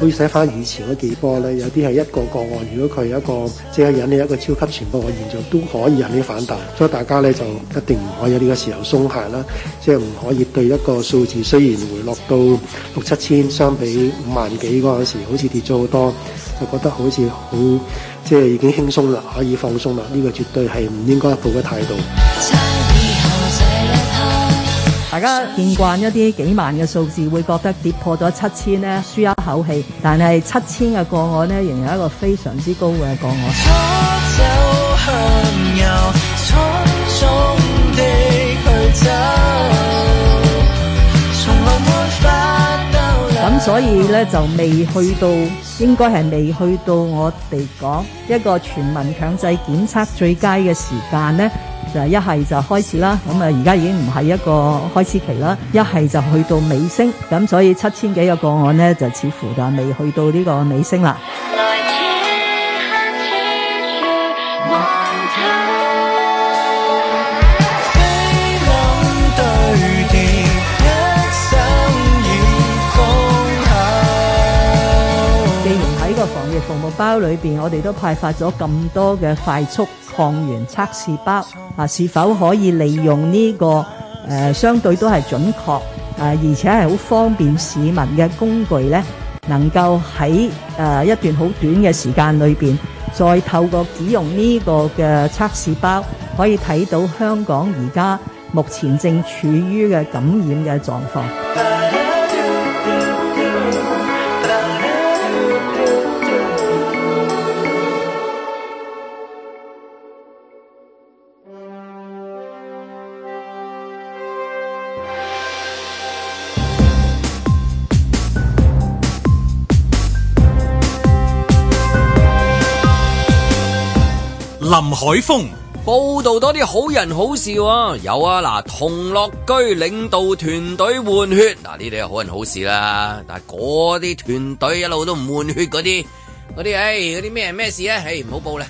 [SPEAKER 1] 好似寫翻以前嗰幾波呢，有啲係一個個案，如果佢有一個
[SPEAKER 4] 即係引起一個超級傳播嘅現象，都可以引起反彈。所以大家呢，就一定唔可以喺呢個時候鬆懈啦，即係唔可以對一個數字雖然回落到六七千，相比五萬幾嗰陣時，好似跌咗好多，就覺得好似好即係已經輕鬆啦，可以放鬆啦。呢個絕對係唔應該抱嘅態度。
[SPEAKER 5] 大家見慣一啲幾萬嘅數字，會覺得跌破咗七千呢，舒一口氣。但係七千嘅個案呢，仍然有一個非常之高嘅個
[SPEAKER 1] 案。
[SPEAKER 5] 嗯，所以咧就未去到，應該係未去到我哋講一個全民強制檢測最佳嘅時間呢，就一係就開始啦。咁啊，而家已經唔係一個開始期啦，一係就去到尾聲。咁所以七千幾個個案呢，就似乎就未去到呢個尾聲啦。服務包裏邊，我哋都派發咗咁多嘅快速抗原測試包，啊，是否可以利用呢、呢個誒、呃、相對都係準確啊、呃，而且係好方便市民嘅工具呢？能夠喺誒、呃、一段好短嘅時間裏邊，再透過只用呢個嘅測試包，可以睇到香港而家目前正處於嘅感染嘅狀況。
[SPEAKER 1] 林海峰
[SPEAKER 2] 報道多啲好人好事啊、哦！有啊，嗱，同樂居領導團隊換血，嗱呢啲係好人好事啦。但係嗰啲團隊一路都唔換血嗰啲，嗰啲唉，嗰啲咩咩事咧、啊？唉、哎，唔好報啦。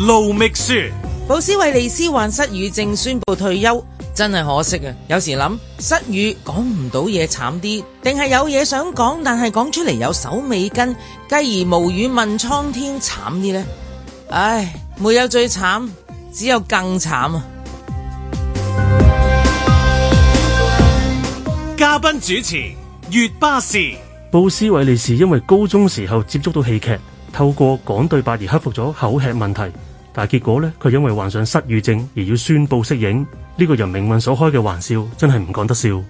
[SPEAKER 1] 盧覓雪，
[SPEAKER 3] 布斯維利斯患失語症，宣布退休。真係可惜嘅、啊。有時諗，失語講唔到嘢，慘啲；定係有嘢想講，但係講出嚟有手尾跟，繼而無語問蒼天，慘啲呢？唉，沒有最慘，只有更慘
[SPEAKER 1] 啊！嘉賓主持：月巴氏
[SPEAKER 4] 布斯韋利士，因為高中時候接觸到戲劇，透過講對白而克服咗口吃問題，但係結果呢，佢因為患上失語症而要宣佈息影。呢個人命運所開嘅玩笑真係唔講得笑，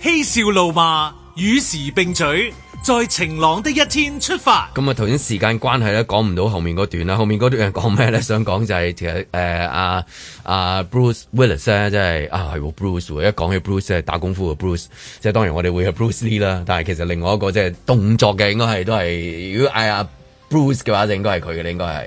[SPEAKER 1] 嬉笑怒罵與時並舉，在晴朗的一天出發。
[SPEAKER 4] 咁啊，頭先時間
[SPEAKER 2] 關係咧，講唔到後面嗰段啦。後面嗰段係講咩咧？想講就係其實誒阿阿 Bruce Willis 咧，即係啊係 Bruce 啊，啊 Bruce is, 啊就是、啊 Bruce, 一講起 Bruce 即係打功夫嘅 Bruce，即係當然我哋會係 Bruce Lee 啦。但係其實另外一個即係、就是、動作嘅應該係都係如果嗌阿、啊、Bruce 嘅話，就是、應該係佢嘅，應該係。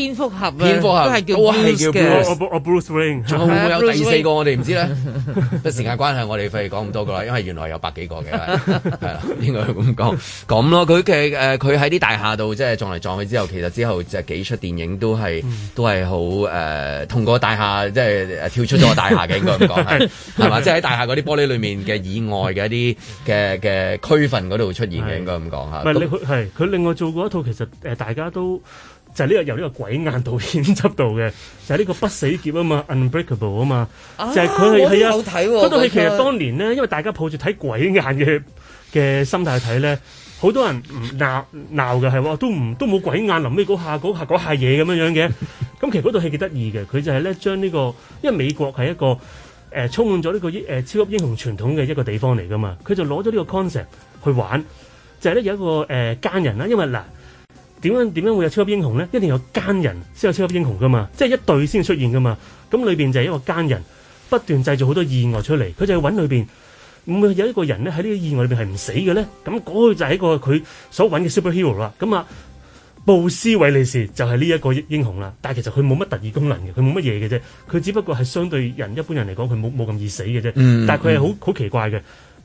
[SPEAKER 2] 蝙蝠俠咩？都係叫
[SPEAKER 4] 叫 Bruce，仲有冇有第四個
[SPEAKER 2] 我哋唔知咧。不過時間關係，我哋可以講咁多個啦，因為原來有百幾個嘅，係啦，應該咁講咁咯。佢嘅誒，佢喺啲大廈度，即係撞嚟撞去之後，其實之後就幾出電影都係都係好誒，同個大廈即係跳出咗個大廈嘅，應該咁講係嘛。即係喺大廈嗰啲玻璃裏面嘅以外嘅一啲嘅嘅區份嗰度出現嘅，應該咁講吓。佢
[SPEAKER 4] 係佢另外做過一套，其實誒，大家都。就係呢、這個由呢個鬼眼導演執導嘅，就係、是、呢個不死劫啊嘛，unbreakable 啊嘛，就係佢係係啊。嗰套、哦、戲其實當年咧，因為大家抱住睇鬼眼嘅嘅心態去睇咧，好多人唔鬧鬧嘅係喎，都唔都冇鬼眼臨尾嗰下嗰下嗰下嘢咁樣樣嘅。咁、嗯、其實嗰套戲幾得意嘅，佢就係咧將呢、這個，因為美國係一個誒、呃、充滿咗呢、這個誒、呃、超級英雄傳統嘅一個地方嚟噶嘛，佢就攞咗呢個 concept 去玩，就係、是、咧有一個誒奸人啦，因為嗱。呃點樣點樣會有超級英雄咧？一定有奸人先有超級英雄噶嘛，即係一對先出現噶嘛。咁裏邊就係一個奸人不斷製造好多意外出嚟，佢就去揾裏邊，會唔會有一個人咧喺呢個意外裏邊係唔死嘅咧？咁、那、嗰個就係一個佢所揾嘅 superhero 啦。咁、嗯、啊，布斯維利士就係呢一個英雄啦。但係其實佢冇乜特異功能嘅，佢冇乜嘢嘅啫。佢只不過係相對人一般人嚟講，佢冇冇咁易死嘅啫。但係佢係好好奇怪嘅，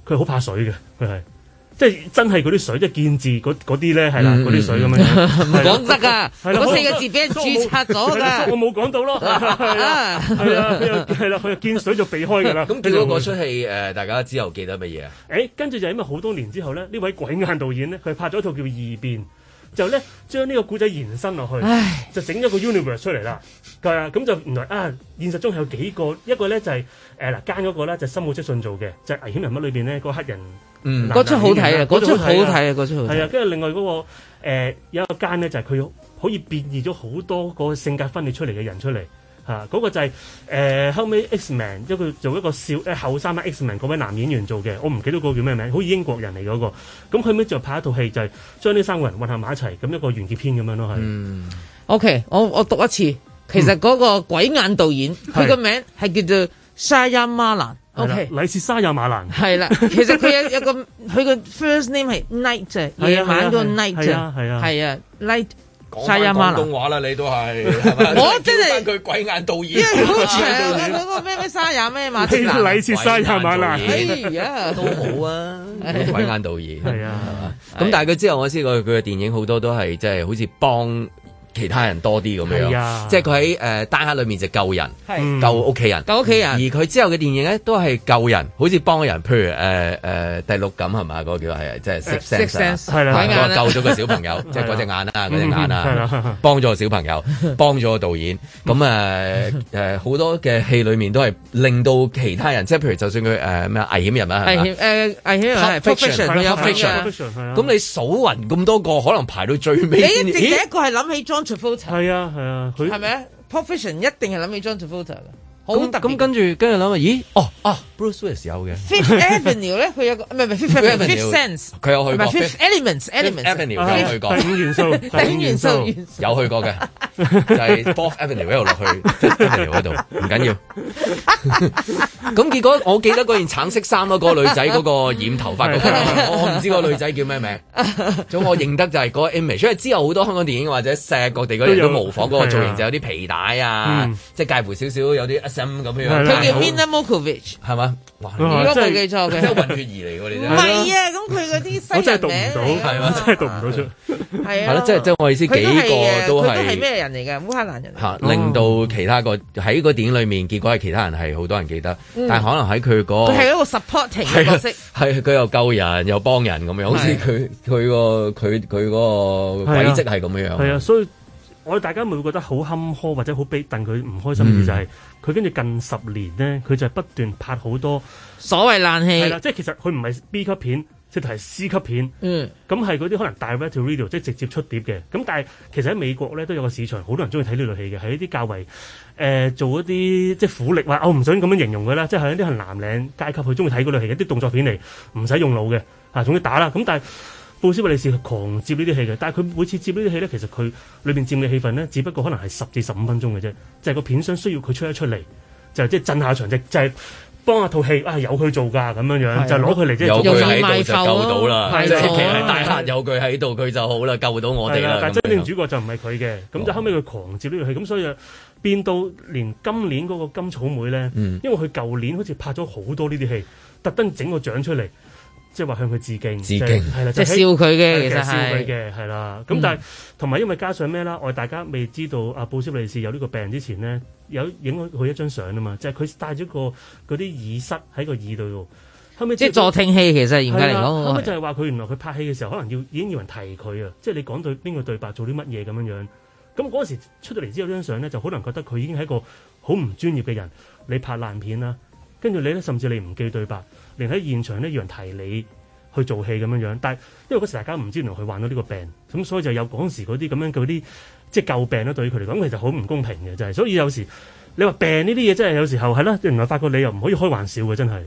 [SPEAKER 4] 佢好怕水嘅，佢係。即係真係嗰啲水，即係見字嗰啲咧，係啦，嗰啲、啊、水咁樣。唔講得噶，嗰四個字俾人注冊咗噶。我冇講到咯，係啦、啊，係啦、啊，佢就 見水就避開噶啦。咁睇到嗰出戲，誒、
[SPEAKER 2] 呃，大家之後記得乜嘢啊？誒、
[SPEAKER 4] 欸，跟住就因為好多年之後咧，呢位鬼眼導演咧，佢拍咗一套叫《異變》就呢，就咧將呢個古仔延伸落去，唉就整咗個 universe 出嚟啦。就是、啊，咁就原來啊，現實中有幾個，一個咧就係誒嗱奸嗰個咧，就森姆積遜做嘅，就危險人物裏邊咧，嗰、那個、黑人。嗰出、嗯、好睇啊！嗰出好睇啊！嗰出好睇啊，跟住另外嗰、那個、呃、有一個間咧，就係佢可以變異咗好多個性格分裂出嚟嘅人出嚟嚇，嗰、啊那個就係、是、誒、呃、後尾 X Man，一個做一個少後生嘅 X Man 嗰位男演員做嘅，我唔記得嗰個叫咩名，好似英國人嚟嗰、那個。咁後尾就拍一套戲，就係將呢三個人混合埋一齊，咁一個完結篇咁樣咯，係。嗯、
[SPEAKER 3] o、okay, K，我我讀一次，
[SPEAKER 4] 其實嗰個鬼眼導演，佢個、嗯、名係叫做沙亞馬蘭。的的 O.K. 李治沙有馬蘭，係
[SPEAKER 3] 啦，其實佢有有個佢個 first name 係 night 啫，夜晚嗰個 night 啫，係啊，係啊，night
[SPEAKER 4] 沙雅馬蘭，廣東話啦，你都係，
[SPEAKER 3] 我真係佢鬼眼導演，係啊，嗰個咩咩沙雅咩馬蘭，李治沙有馬蘭，哎呀，都好啊，鬼眼導演，
[SPEAKER 2] 係啊，係嘛，咁但係佢之後我知佢佢嘅電影好多都係即係好似幫。其他人多啲咁樣，即係佢喺誒單車裏面就救人，救屋企人，救屋企人。而佢之後嘅電影咧都係救人，好似幫人，譬如誒誒第六感咁係咪？嗰個叫係即係 Six Sense 救咗個小朋友，即係嗰隻眼啊，嗰隻眼啊，幫咗個小朋友，幫咗個導演。咁啊誒好多嘅戲裏面都係令到其他人，即係譬如就算佢誒咩危險人物係嘛？
[SPEAKER 3] 危險誒危險係 professional professional
[SPEAKER 2] 咁你數勻咁多個，可能排到最尾，你自一個係
[SPEAKER 3] 諗起裝。係啊，係啊，佢係咪啊？profession 一定係諗起 John Travolta 嘅，
[SPEAKER 2] 好特別。咁跟住跟住諗啊，咦？哦啊！Bruce Willis 有嘅
[SPEAKER 3] Fifth Avenue 咧，佢有個唔係唔係 Fifth Fifth Sense，佢有去過。Fifth Elements Elements Avenue
[SPEAKER 2] 有去過。第五元素，第五元素有去過嘅，
[SPEAKER 4] 就係 Fourth Avenue 嗰度落去，Fifth Avenue 嗰度唔緊要。
[SPEAKER 2] 咁結果我記得嗰件橙色衫嗰個女仔嗰個染頭髮嗰個，我唔知嗰個女仔叫咩名。總我認得就係嗰個 image，因為之後好多香港電影或者世界各地嗰啲都模仿嗰個造型，就有啲皮帶啊，即係介乎少少有啲 SM 咁樣。佢叫 Milla Jovovich 係咪？如果佢記錯
[SPEAKER 3] 嘅，即混血兒嚟嘅，你係啊？咁佢嗰啲西名嚟啊？係嘛？真係讀唔到出。係啊，即係即係我意思，幾個都係。佢係咩人嚟嘅？烏克蘭人。
[SPEAKER 2] 吓，令到其他個喺個電影裏面，結果係其他人係好多人記得，但係可能喺佢嗰。佢係一
[SPEAKER 3] 個
[SPEAKER 4] supporting 嘅角色。
[SPEAKER 2] 係佢又救人又幫人咁樣，好似佢佢個佢佢嗰個軌跡係咁樣樣。係啊，
[SPEAKER 4] 所以。我哋大家會覺得好坎坷或者好悲，但佢唔開心嘅就係佢跟住近十年咧，佢就係不斷拍好多所謂爛戲，係啦，即係其實佢唔係 B 級片，即係 C 級片。嗯，咁係嗰啲可能 Direct to Video，即係直接出碟嘅。咁但係其實喺美國咧都有個市場，好多人中意睇呢類戲嘅，係一啲較為誒做一啲即係苦力話，我唔想咁樣形容佢啦，即係一啲係藍領階級佢中意睇嗰類戲，一啲動作片嚟，唔使用腦嘅啊，總之打啦。咁但係。布斯維利斯係狂接呢啲戲嘅，但係佢每次接呢啲戲咧，其實佢裏邊佔嘅戲份咧，只不過可能係十至十五分鐘嘅啫，就係、是、個片商需要佢出一出嚟，就即係、就是、震下場，即係幫下套戲啊，有佢做噶咁樣樣，就攞佢嚟即係有佢喺度就救到啦。係啊，大俠有佢喺度，佢就好啦，救到我哋啦、啊。但係真正主角就唔係佢嘅，咁就後尾佢狂接呢啲戲，咁所以變到連今年嗰個金草莓咧，嗯、因為佢舊年好似拍咗好多呢啲戲，特登整個獎出嚟。即係話向佢致敬，致敬係啦，即係笑佢嘅，其實，其實笑佢嘅，係啦。咁但係同埋因為加上咩啦？我哋大家未知道阿、啊、布利斯利士有呢個病之前咧，有影佢一張相啊嘛，就係佢戴咗個嗰啲耳塞喺個耳度。
[SPEAKER 3] 後尾即係助聽器，其實嚴格嚟講的，後尾就
[SPEAKER 4] 係話佢原來佢拍戲嘅時候可能要已經有人提佢啊，即係你講對邊個對白做啲乜嘢咁樣樣。咁嗰陣時出到嚟之後張相咧，就可能覺得佢已經係一個好唔專業嘅人。你拍爛片啦，跟住你咧，甚至你唔記對白。令喺現場咧，有人提你去做戲咁樣樣，但係因為嗰時大家唔知原來佢患咗呢個病，咁所以就有嗰時嗰啲咁樣嗰啲即係舊病咧對佢嚟講，其實好唔公平嘅，就係、是、所以有時你話病呢啲嘢真係有時候係啦，原來發覺你又唔可以開玩笑嘅，真係。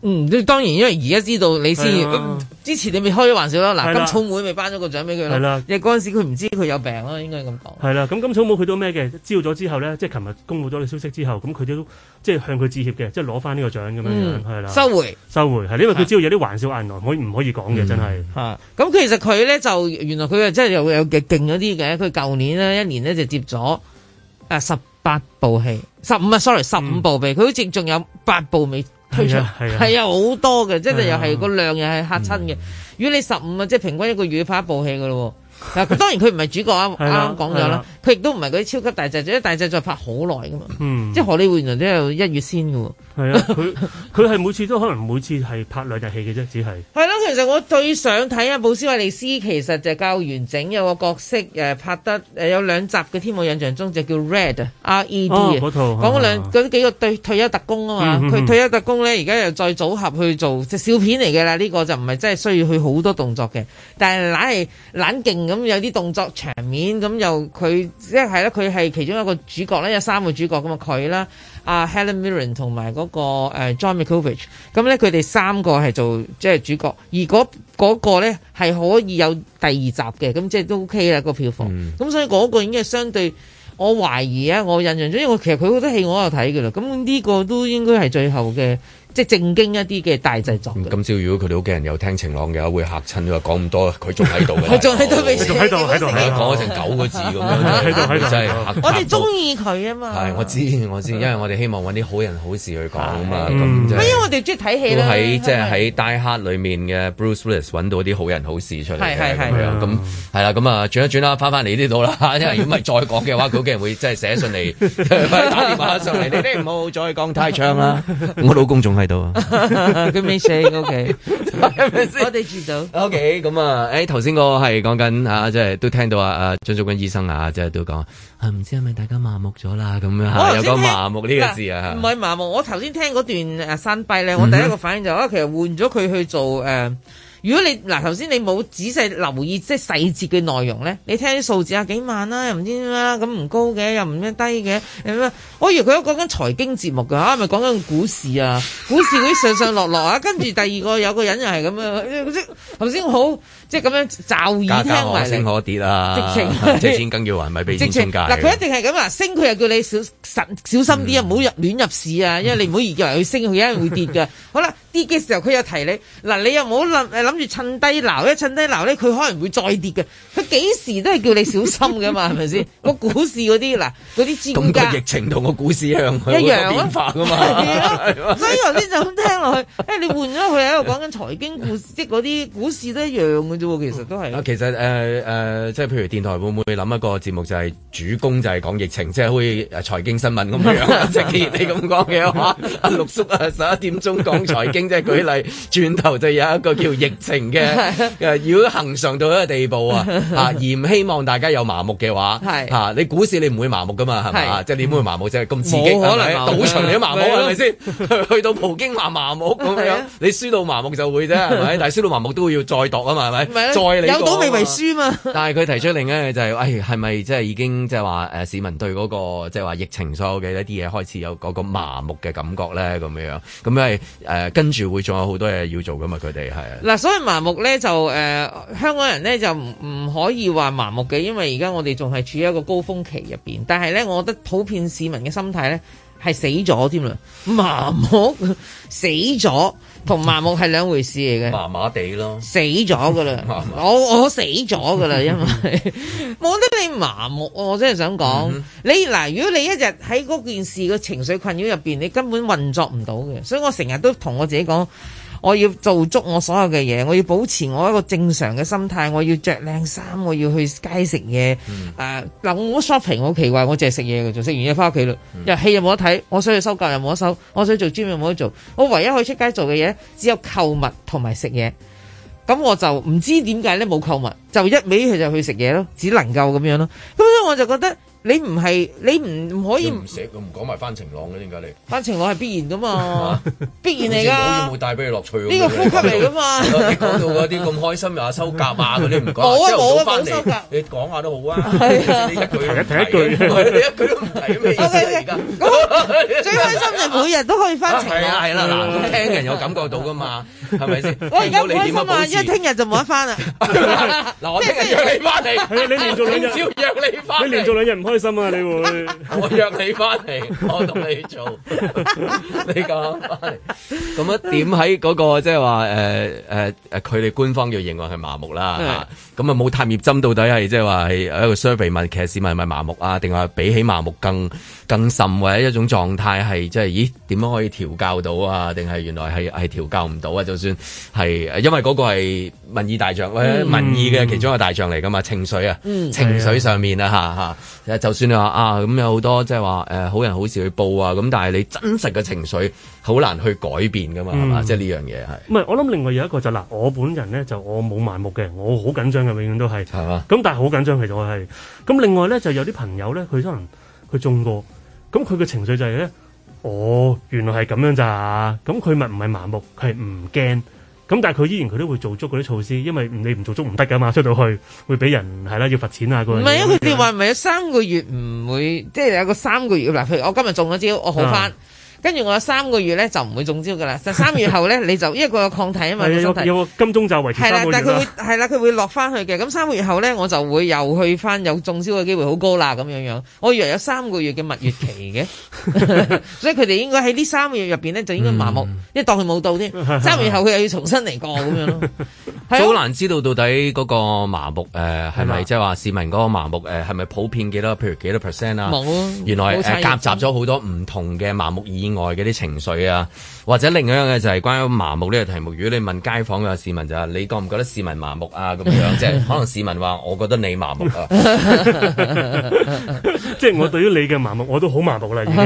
[SPEAKER 4] 嗯，即當然，因為而家知道你先，咁、啊、之前你咪開咗玩笑咯。嗱、啊、金草莓
[SPEAKER 3] 咪頒咗個獎俾佢咯。係啦、啊，
[SPEAKER 4] 即係嗰陣時佢唔知佢有病咯，應該咁講。係啦、啊，咁金草莓去到咩嘅？知道咗之後咧，即係琴日公布咗個消息之後，咁佢都即係向佢致歉嘅，即係攞翻呢個獎咁、嗯、樣樣係啦。啊、收回，收回，係，因為佢知道有啲玩笑硬來，可唔可以講嘅真係。吓、嗯，咁、啊、其實佢咧就
[SPEAKER 3] 原來佢啊真係又有勁嗰啲嘅，佢舊年呢，一年呢就接咗誒十八部戲，十五啊，sorry，十五部戲，佢好似仲有八部未推出係啊，好多嘅，即係又係個量又係嚇親嘅。啊、如果你十五啊，即係平均一個月拍一部戲㗎咯喎。嗱，當然佢唔係主角，啱啱講咗啦，佢亦都唔係嗰啲超級大製作，做啲大製作再拍好耐噶嘛。
[SPEAKER 4] 即係荷里活原來都有一月先嘅喎。啊，佢佢係每次都可能每次係拍兩集戲嘅啫，
[SPEAKER 3] 只係係咯。其實我最想睇阿布斯威利斯，其實就較完整有個角色誒，拍得有兩集嘅。天我印象中就叫 Red，R E D 啊，講嗰兩嗰幾個對退休特工啊嘛。佢退休特工咧，而家又再組合去做隻笑片嚟嘅啦。呢個就唔係真係需要佢好多動作嘅，但係懶係懶勁。咁有啲動作場面，咁又佢即係咧，佢係其中一個主角咧，有三個主角咁啊，佢啦、那個，阿、呃、Helen Mirren 同埋嗰個 John Malkovich 咁咧佢哋三個係做即係主角，而嗰、那個咧係、那個、可以有第二集嘅，咁即係都 OK 啦、那個票房。咁、嗯、所以嗰個已經係相對我懷疑啊，我印象中，因為其實佢好多戲我又睇嘅啦，咁呢個都應該係最後嘅。即係正經一啲嘅大製作。
[SPEAKER 2] 今朝如果佢哋屋企人有聽晴朗嘅話，會嚇親。佢話講咁多，佢仲喺度，佢仲喺度，仲喺度、喺度喺度，講成九個字咁樣喺度，真係嚇親。我哋中意佢啊嘛。係，我知我知，因為我哋希望揾啲好人好事去講啊嘛。咁因為我哋中意睇戲啦。喺即係喺 dark 裏面嘅 Bruce Willis 揾到啲好人好事出嚟嘅咁係啦。咁啊轉一轉啦，翻返嚟呢度啦。因為如果唔係再講嘅話，佢屋企人會真係寫信嚟，打電話上嚟，你哋唔好再講太長啦。我老公仲～喺度，佢未死。
[SPEAKER 3] O K，我哋住到。
[SPEAKER 2] O K，咁啊，誒，頭先我係講緊啊，即係都聽到啊，啊張竹君醫生啊，即係都講啊，唔知係咪大家麻木咗啦？咁樣啊，有個麻木呢個字啊，唔
[SPEAKER 3] 係麻木。我頭先聽嗰段誒，新批咧，我第一個反應就啊，其實換咗佢去做誒。如果你嗱，頭先你冇仔細留意即細節嘅內容咧，你聽啲數字啊，幾萬啦，啊，又唔知點啦，咁唔高嘅，又唔咩低嘅，咁我以為佢都講緊財經節目噶，係咪講緊股市啊？股市嗰啲上上落落啊，跟住第二個有個人又係咁樣，頭先好。即係咁樣驟耳聽埋升可
[SPEAKER 2] 跌啦、啊，簡情 即係即係錢更要還咪俾錢中介嗱，佢一
[SPEAKER 3] 定係咁啊，升佢又叫你小心小心啲啊，唔好入亂入市啊，因為你唔好以為佢升，佢一樣會跌㗎。 好啦，跌嘅時候佢又提你嗱，你又唔好諗諗住趁低撈一趁低撈咧，佢可能會再跌嘅。佢幾時都係叫你小心㗎嘛，係咪先個股市嗰啲嗱嗰啲專家咁疫情同個股市一向
[SPEAKER 2] 一樣，一樣煩㗎嘛
[SPEAKER 3] 所以頭先就咁聽落去，誒、欸、你換咗佢喺度講緊財經故事，即嗰啲股市都一樣。其實都係啊，其實誒
[SPEAKER 2] 誒，即係譬如電台會唔會諗一個節目就係主攻就係講疫情，即係好似誒財經新聞咁樣。即係既然你咁講嘅話，阿陸叔啊，十一點鐘講財經，即係舉例，轉頭就有一個叫疫情嘅。如果行上到一個地步啊，而唔希望大家有麻木嘅話，係你股市你唔會麻木噶嘛，係咪？即係你唔會麻木，即係咁刺激可能賭場你都麻木啦，咪先去到葡京話麻木咁樣，你輸到麻木就會啫，係咪？但係輸到麻木都會要再賭啊嘛，係咪？再你有到未為輸嘛？但係佢提出另一樣嘢就係、是，誒係咪即係已經即係話誒市民對嗰、那個即係話疫情所有嘅一啲嘢開始有個個麻木嘅感覺咧？咁樣咁咪誒跟住會仲有好多嘢要做噶嘛？佢哋係
[SPEAKER 3] 嗱，所以麻木咧就誒、呃、香港人咧就唔可以話麻木嘅，因為而家我哋仲係處喺一個高峰期入邊。但係咧，我覺得普遍市民嘅心態咧。係死咗添啦，麻木死咗同麻木係兩回事嚟嘅。麻麻地咯，死咗噶啦，我我死咗噶啦， 因為冇得畀你麻木，我真係想講、嗯、哼你嗱，如果你一日喺嗰件事嘅情緒困擾入邊，你根本運作唔到嘅，所以我成日都同我自己講。我要做足我所有嘅嘢，我要保持我一個正常嘅心態，我要着靚衫，我要去街食嘢。誒、嗯，嗱，uh, 我 shopping 好奇怪，我淨係食嘢嘅，仲食完嘢翻屋企啦。又戲又冇得睇，我想去收購又冇得收，我想做 gym 又冇得做。我唯一可以出街做嘅嘢，只有購物同埋食嘢。咁我就唔知點解咧冇購物，就一味佢就去食嘢咯，只能夠咁樣咯。咁所以我就覺得。你唔係，你唔唔可以唔寫
[SPEAKER 2] 唔講埋翻晴朗嘅。點解你
[SPEAKER 3] 翻晴朗係必然噶嘛必然嚟噶，
[SPEAKER 2] 冇帶俾你樂趣。呢個呼吸嚟噶嘛？你講到嗰啲咁開心又話收夾啊嗰啲唔講，冇係我翻嚟，你講下都好啊。係一句提一句，一句提咩嘢？O K O K，
[SPEAKER 3] 咁最開心就每日都可以翻晴朗。
[SPEAKER 2] 係啦係啦，嗱，聽人有感覺到噶
[SPEAKER 4] 嘛。係咪先？我而家唔開心啊！因為聽
[SPEAKER 3] 日就冇得翻啦。
[SPEAKER 1] 嗱， 我聽日約
[SPEAKER 4] 你翻嚟、 哎。你連做兩日，我唔知約你翻 你連做兩日唔開心啊？你會？ 我約你翻嚟， 我同你做。
[SPEAKER 2] 你講，咁樣 點喺嗰、那個即係話誒誒誒，佢、就、哋、是呃呃、官方嘅認為係麻木啦。咁 啊，冇探葉針到底係即係話係一個 survey 問，其實市民係咪麻木啊？定係比起麻木更？更甚或者一種狀態係即係，咦點樣可以調教到啊？定係原來係係調教唔到啊？就算係，因為嗰個係民意大將或者民意嘅其中一個大將嚟噶嘛，情緒啊，嗯、
[SPEAKER 1] 情緒上
[SPEAKER 2] 面啊嚇嚇，就算你話啊咁有好多即係話誒好人好事去報啊，咁但係你真實嘅情緒好難去改變噶嘛，係嘛，嗯？即係呢樣嘢係
[SPEAKER 4] 唔係？我諗另外有一個就嗱、是，我本人咧就我冇麻木嘅，我好緊張嘅，永遠都係係嘛。咁嗎但係好緊張，其實我係咁。另外咧就有啲朋友咧，佢可能佢中過。咁佢嘅情緒就係、是、咧，哦，原來係咁樣咋？咁佢咪唔係麻木，佢係唔驚。咁但係佢依然佢都會做足嗰啲措施，因為你唔做足唔得噶嘛，出到去會俾人係啦，要罰錢啊佢啲。唔係
[SPEAKER 3] 啊，佢話唔係有三個月唔會，即係有個三個月。嗱，譬如我今日中咗招，我好翻、嗯。跟住我有三個月咧就唔會中招嘅啦，就三個月後咧你就
[SPEAKER 4] 因為個抗體啊嘛 體有，有個金鐘罩維持三個月啦。但係佢會
[SPEAKER 3] 係啦，佢會落翻去嘅。咁三個月後咧，我就會又去翻有中招嘅機會好高啦咁樣樣。我以為有三個月嘅蜜月期嘅， 所以佢哋應該喺呢三個月入邊咧就應該麻木，因為當佢冇到添。三個月後佢又要重新嚟過咁樣咯。好
[SPEAKER 2] 難 的知道到底嗰個麻木誒係咪即係話市民嗰個麻木誒係咪普遍幾多？譬如幾多 percent 啊？有原來誒夾雜咗好多唔同嘅麻木另外嘅啲情緒啊，或者另一樣嘅就係關於麻木呢個題目。如果你問街坊嘅市民就係，你覺唔覺得市民麻木啊？咁樣 即係可能市民話：我覺得你麻木啊！
[SPEAKER 4] 即係我對於你嘅麻木，我都好麻木啦。咁、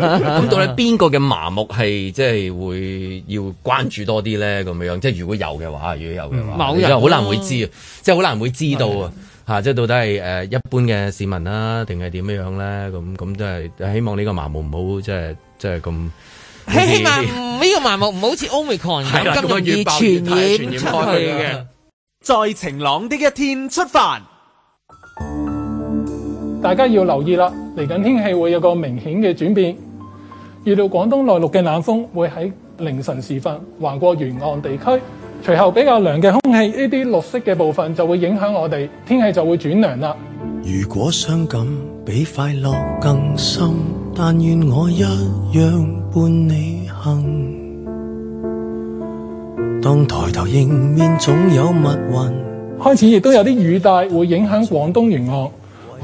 [SPEAKER 4] 嗯、到底
[SPEAKER 2] 邊個嘅麻木係即係會要關注多啲咧？咁樣即係如果有嘅話，如果有嘅話，好難會知啊！即係好難會知道啊！嚇，即係到底係誒一般嘅市民啦，定係點樣樣咧？咁咁都係希望呢個麻木唔好即係。即即係咁，起
[SPEAKER 3] 碼呢個盲目唔好似 omicron
[SPEAKER 1] 咁容易傳染出去嘅。在晴朗的一天出發，大家要留意啦！嚟緊天氣會有個明顯嘅轉變。預料廣東內陸嘅冷風會喺凌晨時分橫過沿岸地區，隨後比較涼嘅空氣，呢啲綠色嘅部分就會影響我哋，天氣就會轉涼啦。如果傷感比快樂更深。但願我一樣伴你行。當抬頭迎面總有密雲。開始亦都有啲雨帶會影響廣東沿岸，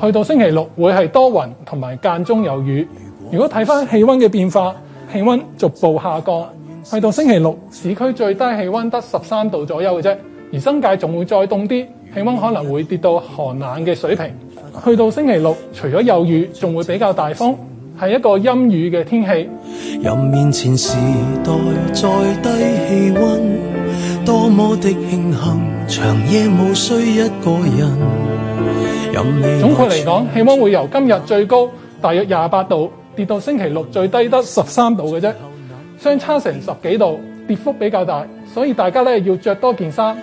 [SPEAKER 1] 去到星期六會係多雲同埋間中有雨。如果睇翻氣溫嘅變化，氣溫逐步下降，去到星期六市區最低氣溫得十三度左右嘅啫，而新界仲會再凍啲，氣溫可能會跌到寒冷嘅水平。去到星期六除咗有雨，仲會比較大風。係一個陰雨嘅天氣。總括嚟講，氣溫會由今日最高大約廿八度跌到星期六最低得十三度嘅啫，相差成十幾度，跌幅比較大，所以大家咧，要着多件衫。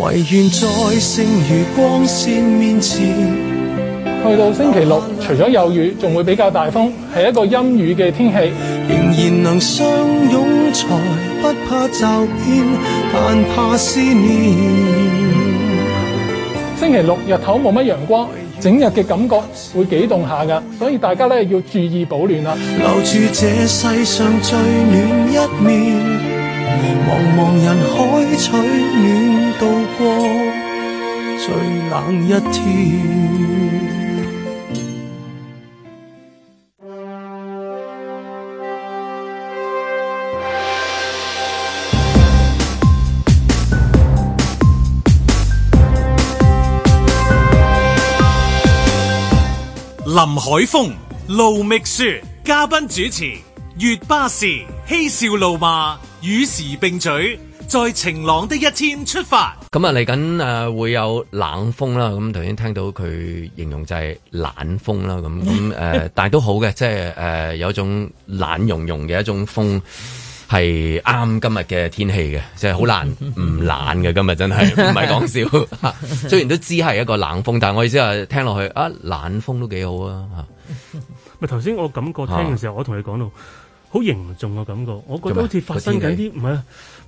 [SPEAKER 1] 唯願在光線面前。去到星期六，除咗有雨，仲會比較大風，係一個陰雨嘅天氣。仍然能相擁才不怕驟變，但怕思念。星期六日頭冇乜陽光，整日嘅感覺會幾凍下噶，所以大家呢要注意保暖啦。留住這世上最暖一面，茫茫人海取暖度過最冷一天。林海峰、盧覓雪嘉賓主持，粵巴士嬉笑怒罵，與時並舉，在晴朗的一天出發。
[SPEAKER 2] 咁啊，嚟緊誒會有冷風啦，咁頭先聽到佢形容就係冷風啦，咁咁誒，但係都好嘅，即係誒有一種冷融融嘅一種風。係啱今日嘅天氣嘅，即係好難唔冷嘅。今日真係唔係講笑。雖然都知係一個冷風，但係我意思係聽落去啊，冷風都幾好啊嚇。
[SPEAKER 4] 咪頭先我感覺聽嘅時候，我同你講到好凝重嘅感覺，我覺得好似發生緊啲唔係？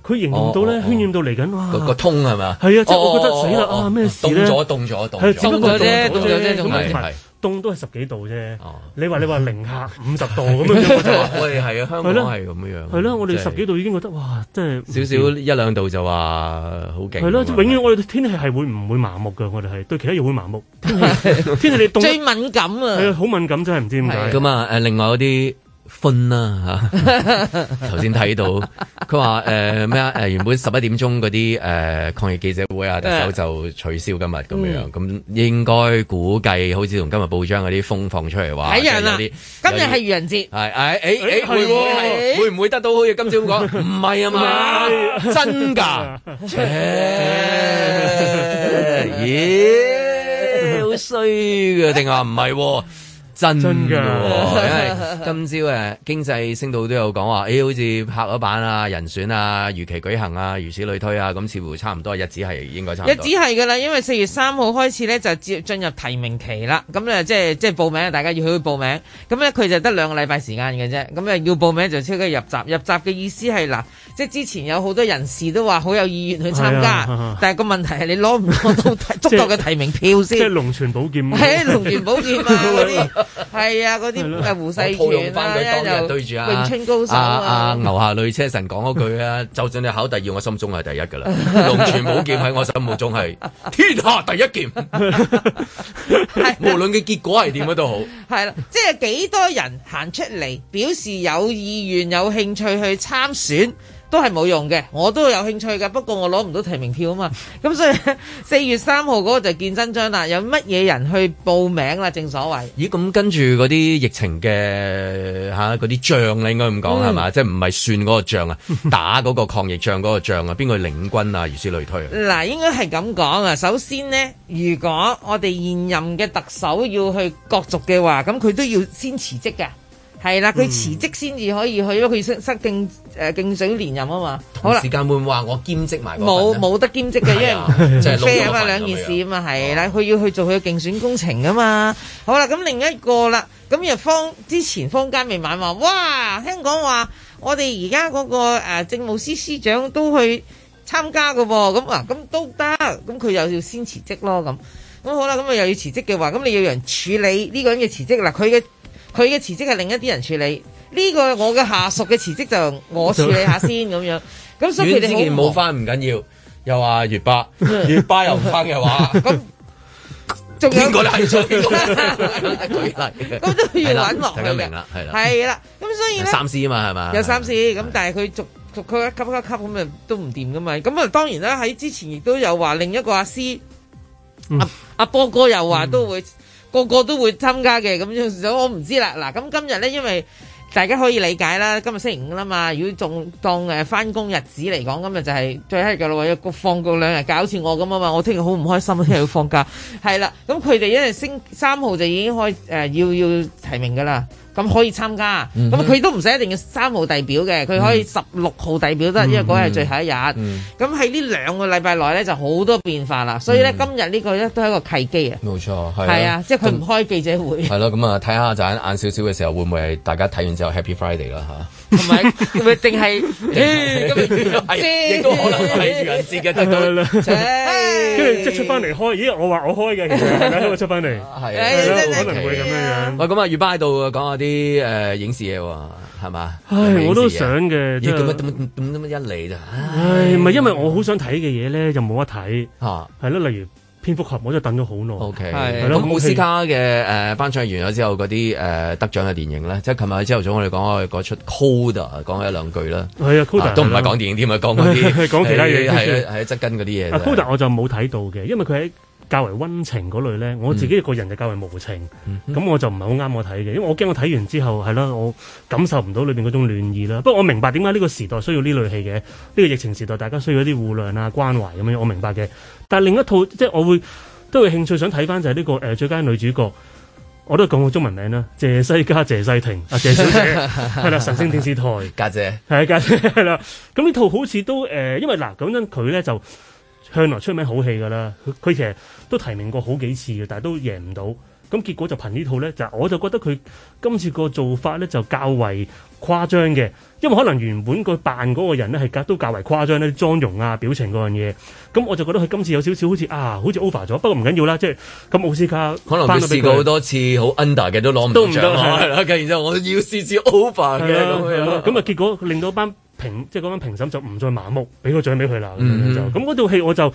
[SPEAKER 4] 佢渲染到咧，渲染到嚟緊哇，個通係咪？係啊，即係我覺得死啦啊咩事咧？凍咗，凍咗，凍咗。係啊，凍咗。凍都係十幾度啫。哦，你話你話零下五十度咁樣，即係， 我哋係啊，香港係咁樣樣，係咯了，即係，我哋十幾度已經覺得哇，真係少少一兩度就話好勁，係咯，了永遠我哋天氣係會唔會麻木嘅？我哋係對其他嘢會麻木，天氣天氣你凍最敏感啊，係啊，好敏感真係唔知點解。咁
[SPEAKER 2] 啊，誒、呃，另外嗰啲。瞓啦嚇！頭先睇到佢話誒咩啊？誒、呃、原本十一點鐘嗰啲誒抗疫記者會啊，特首就取消今日咁樣，咁、yeah. 應該估計好似同今日報章嗰啲風放出嚟話。睇人啦！今日係愚人節，係誒誒誒，哎哎哎哎、ently, 會唔會,不會得,得到好似今朝咁講？唔係啊嘛，
[SPEAKER 4] 真
[SPEAKER 2] 㗎！咦，好衰嘅定話唔係？真嘅，今朝誒經濟升到都有講話，誒好似拍咗板啊，人選啊，如期舉行啊，如此類推啊，咁似乎差唔多日子係應該差唔多。日子
[SPEAKER 3] 係嘅啦，因為四月三號開始咧就接進入提名期啦，咁咧即係即係報名，大家要去報名，咁咧佢就得兩個禮拜時間嘅啫，咁啊要報名就即刻入閘，入閘嘅意思係嗱，即係之前有好多人士都話好有意願去參加，但係個問題係你攞唔攞到足夠嘅提名
[SPEAKER 4] 票先。即係龍泉寶
[SPEAKER 3] 劍。係龍泉寶劍啊！係啊，嗰啲啊胡世全啊，對住啊，詠春高手啊，
[SPEAKER 2] 牛下女車神講嗰句啊， 就算你考第二，我心中係第一噶啦。龍泉寶劍喺我心目中係天下第一劍，無論嘅結果係點樣都好。
[SPEAKER 3] 係 啦、 啊，即、就、係、係、幾多人行出嚟表示有意願、有興趣去參選。都係冇用嘅，我都有興趣嘅，不過我攞唔到提名票啊嘛，咁 所以四月三號嗰個就見真章啦。有乜嘢人去報名啦？正所謂
[SPEAKER 2] 咦，咁跟住嗰啲疫情嘅嚇嗰啲仗你應該咁講係嘛？即係唔係算嗰個仗啊？打嗰個抗疫仗嗰個仗啊？邊個 領軍啊？如此類推啊？
[SPEAKER 3] 嗱，應該係咁講啊。首先呢，如果我哋現任嘅特首要去角逐嘅話，咁佢都要先辭職嘅。係啦，佢辭職先至可以去，因為佢失失、呃、競誒競選連任啊嘛。好啦，時間會唔會話我兼職
[SPEAKER 2] 埋？冇冇
[SPEAKER 3] 得兼職嘅，因為即係兩件事啊嘛，係啦，佢要去做佢嘅競選工程啊嘛。好啦，咁另一個啦，咁又方之前坊間未買話，哇，聽講話我哋而家嗰個、呃、政務司司長都去參加㗎喎，咁啊，咁都得，咁佢又要先辭職咯咁，咁好啦，咁啊又要辭職嘅話，咁你要有人處理呢個人嘅辭職啦，佢嘅。佢嘅辭職係另一啲人處理，呢個我嘅下屬嘅辭職就我處理下先咁樣。咁所以佢哋冇
[SPEAKER 2] 翻，唔緊要，又話月巴，月巴又唔翻嘅話，
[SPEAKER 3] 咁仲港你係最，咁都越揾我。大家明啦，係啦，係啦。咁所以咧，三思
[SPEAKER 2] 啊嘛，係嘛。有三思
[SPEAKER 3] 咁，但係佢逐逐一級一級咁咪都唔掂㗎嘛。咁啊當然啦，喺之前亦都有話另一個阿師，阿阿波哥又話都會。個個都會參加嘅，咁樣就我唔知啦。嗱，咁今日呢，因為大家可以理解啦，今日星期五啦嘛。如果仲當誒返工日子嚟講，今日就係最閪嘅啦，要放過兩日假好似我咁啊嘛。我聽日好唔開心，聽日要放假。係 啦，咁佢哋因為星三號就已經開誒、呃、要要提名嘅啦。咁可以參加，咁佢都唔使一定要三號遞表嘅，佢可以十六號遞表都得，嗯、因為嗰日係最後一日。咁喺呢兩個禮拜內咧就好多變化啦，所以咧今日呢個咧都係一個契機啊。冇
[SPEAKER 2] 錯，係啊，的即係佢唔
[SPEAKER 3] 開記者會。係
[SPEAKER 2] 咯，咁啊睇下就喺晏少少嘅時候會唔會係大家睇完之後 Happy Friday 啦嚇。啊
[SPEAKER 3] 係咪？咪定係？咁
[SPEAKER 2] 又係，亦都可能係愚
[SPEAKER 4] 人節嘅，就啦。跟住即係出翻嚟開，咦？我話我開嘅，其實大家都會出翻嚟。係，可能唔會咁樣樣。
[SPEAKER 2] 喂，咁啊，雨巴喺度講下啲誒
[SPEAKER 4] 影視嘢喎，係嘛？唉，我都想嘅。點點點
[SPEAKER 2] 點一嚟咋？唉，
[SPEAKER 4] 唔係，因為我好想睇嘅嘢咧，就冇得睇。吓，係咯，例如。蝙蝠俠我都等咗好耐。O K，係咯。咁奧斯卡
[SPEAKER 2] 嘅誒頒獎完咗之後，嗰啲誒得獎嘅電影咧，即係琴日朝頭早我哋講開嗰出 Coda 講開一兩句啦。係啊，Coda 都唔係講電影添啊，講嗰啲講其他嘢。係啊，係啊，質根嗰啲嘢。Coda
[SPEAKER 4] 我就冇睇到嘅，因為佢喺較為溫情嗰類咧。我自己個人就較為無情，咁我就唔係好啱我睇嘅，因為我驚我睇完之後係啦，我感受唔到裏邊嗰種暖意啦。不過我明白點解呢個時代需要呢類戲嘅，呢個疫情時代大家需要一啲互諒啊、關懷咁樣，我明白嘅。但另一套即係我會都有興趣想睇翻就係呢個誒最佳女主角，我都講個中文名啦，謝西嘉、謝西婷啊，謝小姐係啦，神聖電視台家姐係家姐係啦，咁呢套好似都誒，因為嗱講真佢咧就向來出名好戲噶啦，佢其實都提名過好幾次嘅，但係都贏唔到，咁結果就憑呢套咧就我就覺得佢今次個做法咧就較為誇張嘅。因為可能原本佢扮嗰個人咧係較都較為誇張啲妝容啊、表情嗰樣嘢，咁我就覺得佢今次有少少好似啊，好似 over 咗。不過唔緊要啦，即係咁，奧斯卡可能都試過好多
[SPEAKER 2] 次好 under
[SPEAKER 4] 嘅都攞唔著係啦。跟住
[SPEAKER 2] 之後我要試試 over 嘅
[SPEAKER 4] 咁啊，結果令到班評即係嗰班評審就唔再麻木，俾個獎俾佢啦咁。嗰套戲我就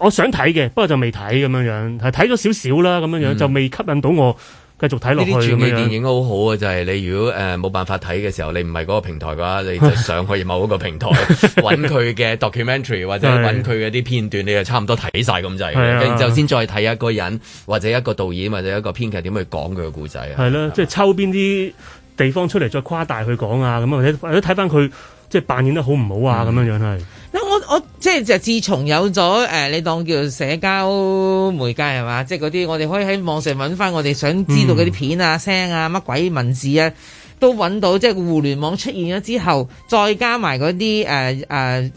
[SPEAKER 4] 我想睇嘅，不過就未睇咁樣樣，睇咗少少啦咁樣樣就未吸引到我。繼續睇落去，呢啲傳記電影
[SPEAKER 2] 好好啊！就係、是、你如果誒冇、呃、辦法睇嘅時候，你唔係嗰個平台嘅話，你就上去某一個平台搵佢嘅 documentary 或者搵佢嘅啲片段，的你就差唔多睇晒咁滯嘅。的然之後先再睇一個人或者一個導演或者一個編劇點去講佢嘅故仔
[SPEAKER 4] 啊！係咯，即係抽邊啲地方出嚟再誇大佢講啊咁或者或者睇翻佢。即係扮演得好唔好啊？咁、嗯、樣樣
[SPEAKER 3] 係。咁我我即係就自從有咗誒、呃，你當叫做社交媒介係嘛？即係嗰啲我哋可以喺網上揾翻我哋想知道嗰啲片啊、嗯、聲啊、乜鬼文字啊，都揾到。即係互聯網出現咗之後，再加埋嗰啲誒誒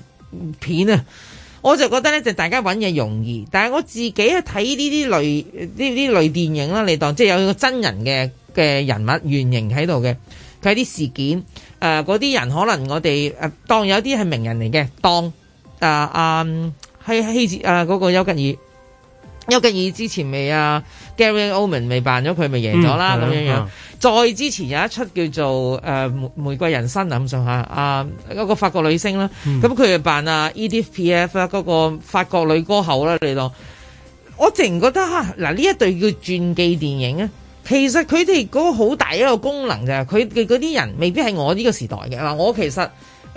[SPEAKER 3] 片啊，我就覺得咧，就大家揾嘢容易。但係我自己去睇呢啲類呢啲類電影啦，你當即係有個真人嘅嘅人物原型喺度嘅，睇啲事件。誒，嗰啲、呃、人可能我哋誒、啊、當有啲係名人嚟嘅，當啊，啊，希希子嗰、啊那個丘吉爾，丘吉爾之前未啊 Gary Oldman 未扮咗佢，咪贏咗啦咁樣樣。嗯、再之前有一出叫做誒、啊《玫瑰人生》咁上下，啊、那、嗰個法國女星啦，咁佢、嗯、就扮啊 Edith Piaf 啦，嗰個法國女歌后啦嚟到。我突然覺得吓，嗱、啊、呢一隊叫傳記電影啊！其實佢哋嗰個好大一個功能就係佢哋嗰啲人未必係我呢個時代嘅，嗱我其實。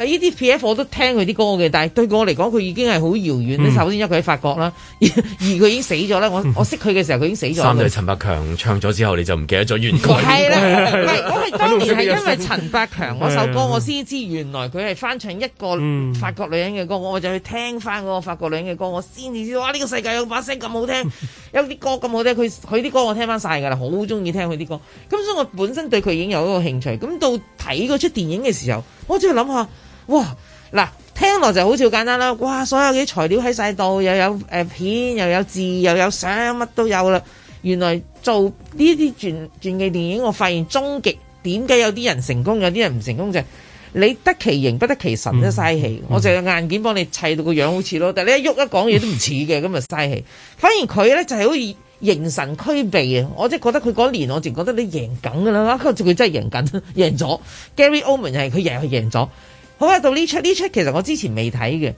[SPEAKER 3] Edith Piaf 我都聽佢啲歌嘅，但係對我嚟講，佢已經係好遙遠。首先，因為佢喺法國啦，而佢已經死咗啦。我我識佢嘅時候，佢已經死咗。三對陳
[SPEAKER 2] 百強唱咗之後，你就唔記得咗原曲。係
[SPEAKER 4] 啦，唔係我係當
[SPEAKER 3] 年係因為陳百強嗰首歌，我先知原來佢係翻唱一個法國女人嘅歌。我就去聽翻嗰個法國女人嘅歌，我先至知道哇！呢個世界有把聲咁好聽，有啲歌咁好聽。佢佢啲歌我聽翻晒㗎啦，好中意聽佢啲歌。咁所以我本身對佢已經有一個興趣。咁到睇嗰出電影嘅時候，我即係諗下。哇嗱，聽落就係好似好簡單啦。哇，所有嘅材料喺曬度，又有誒片，又有字，又有相，乜都有啦。原來做呢啲傳傳記電影，我發現終極點解有啲人成功，有啲人唔成功就係、是、你得其形不得其神、嗯，都嘥氣。我就係硬件幫你砌到個樣好似咯，但係你一喐一講嘢都唔似嘅，咁咪嘥氣。反而佢咧就係好似形神俱備啊！我即係覺得佢嗰年我淨覺得你贏緊噶啦，跟住佢真係贏緊贏咗。Gary Oldman 又係佢又係贏咗。siguiente una spatula 好喺到呢出呢出，其實我之前未睇嘅，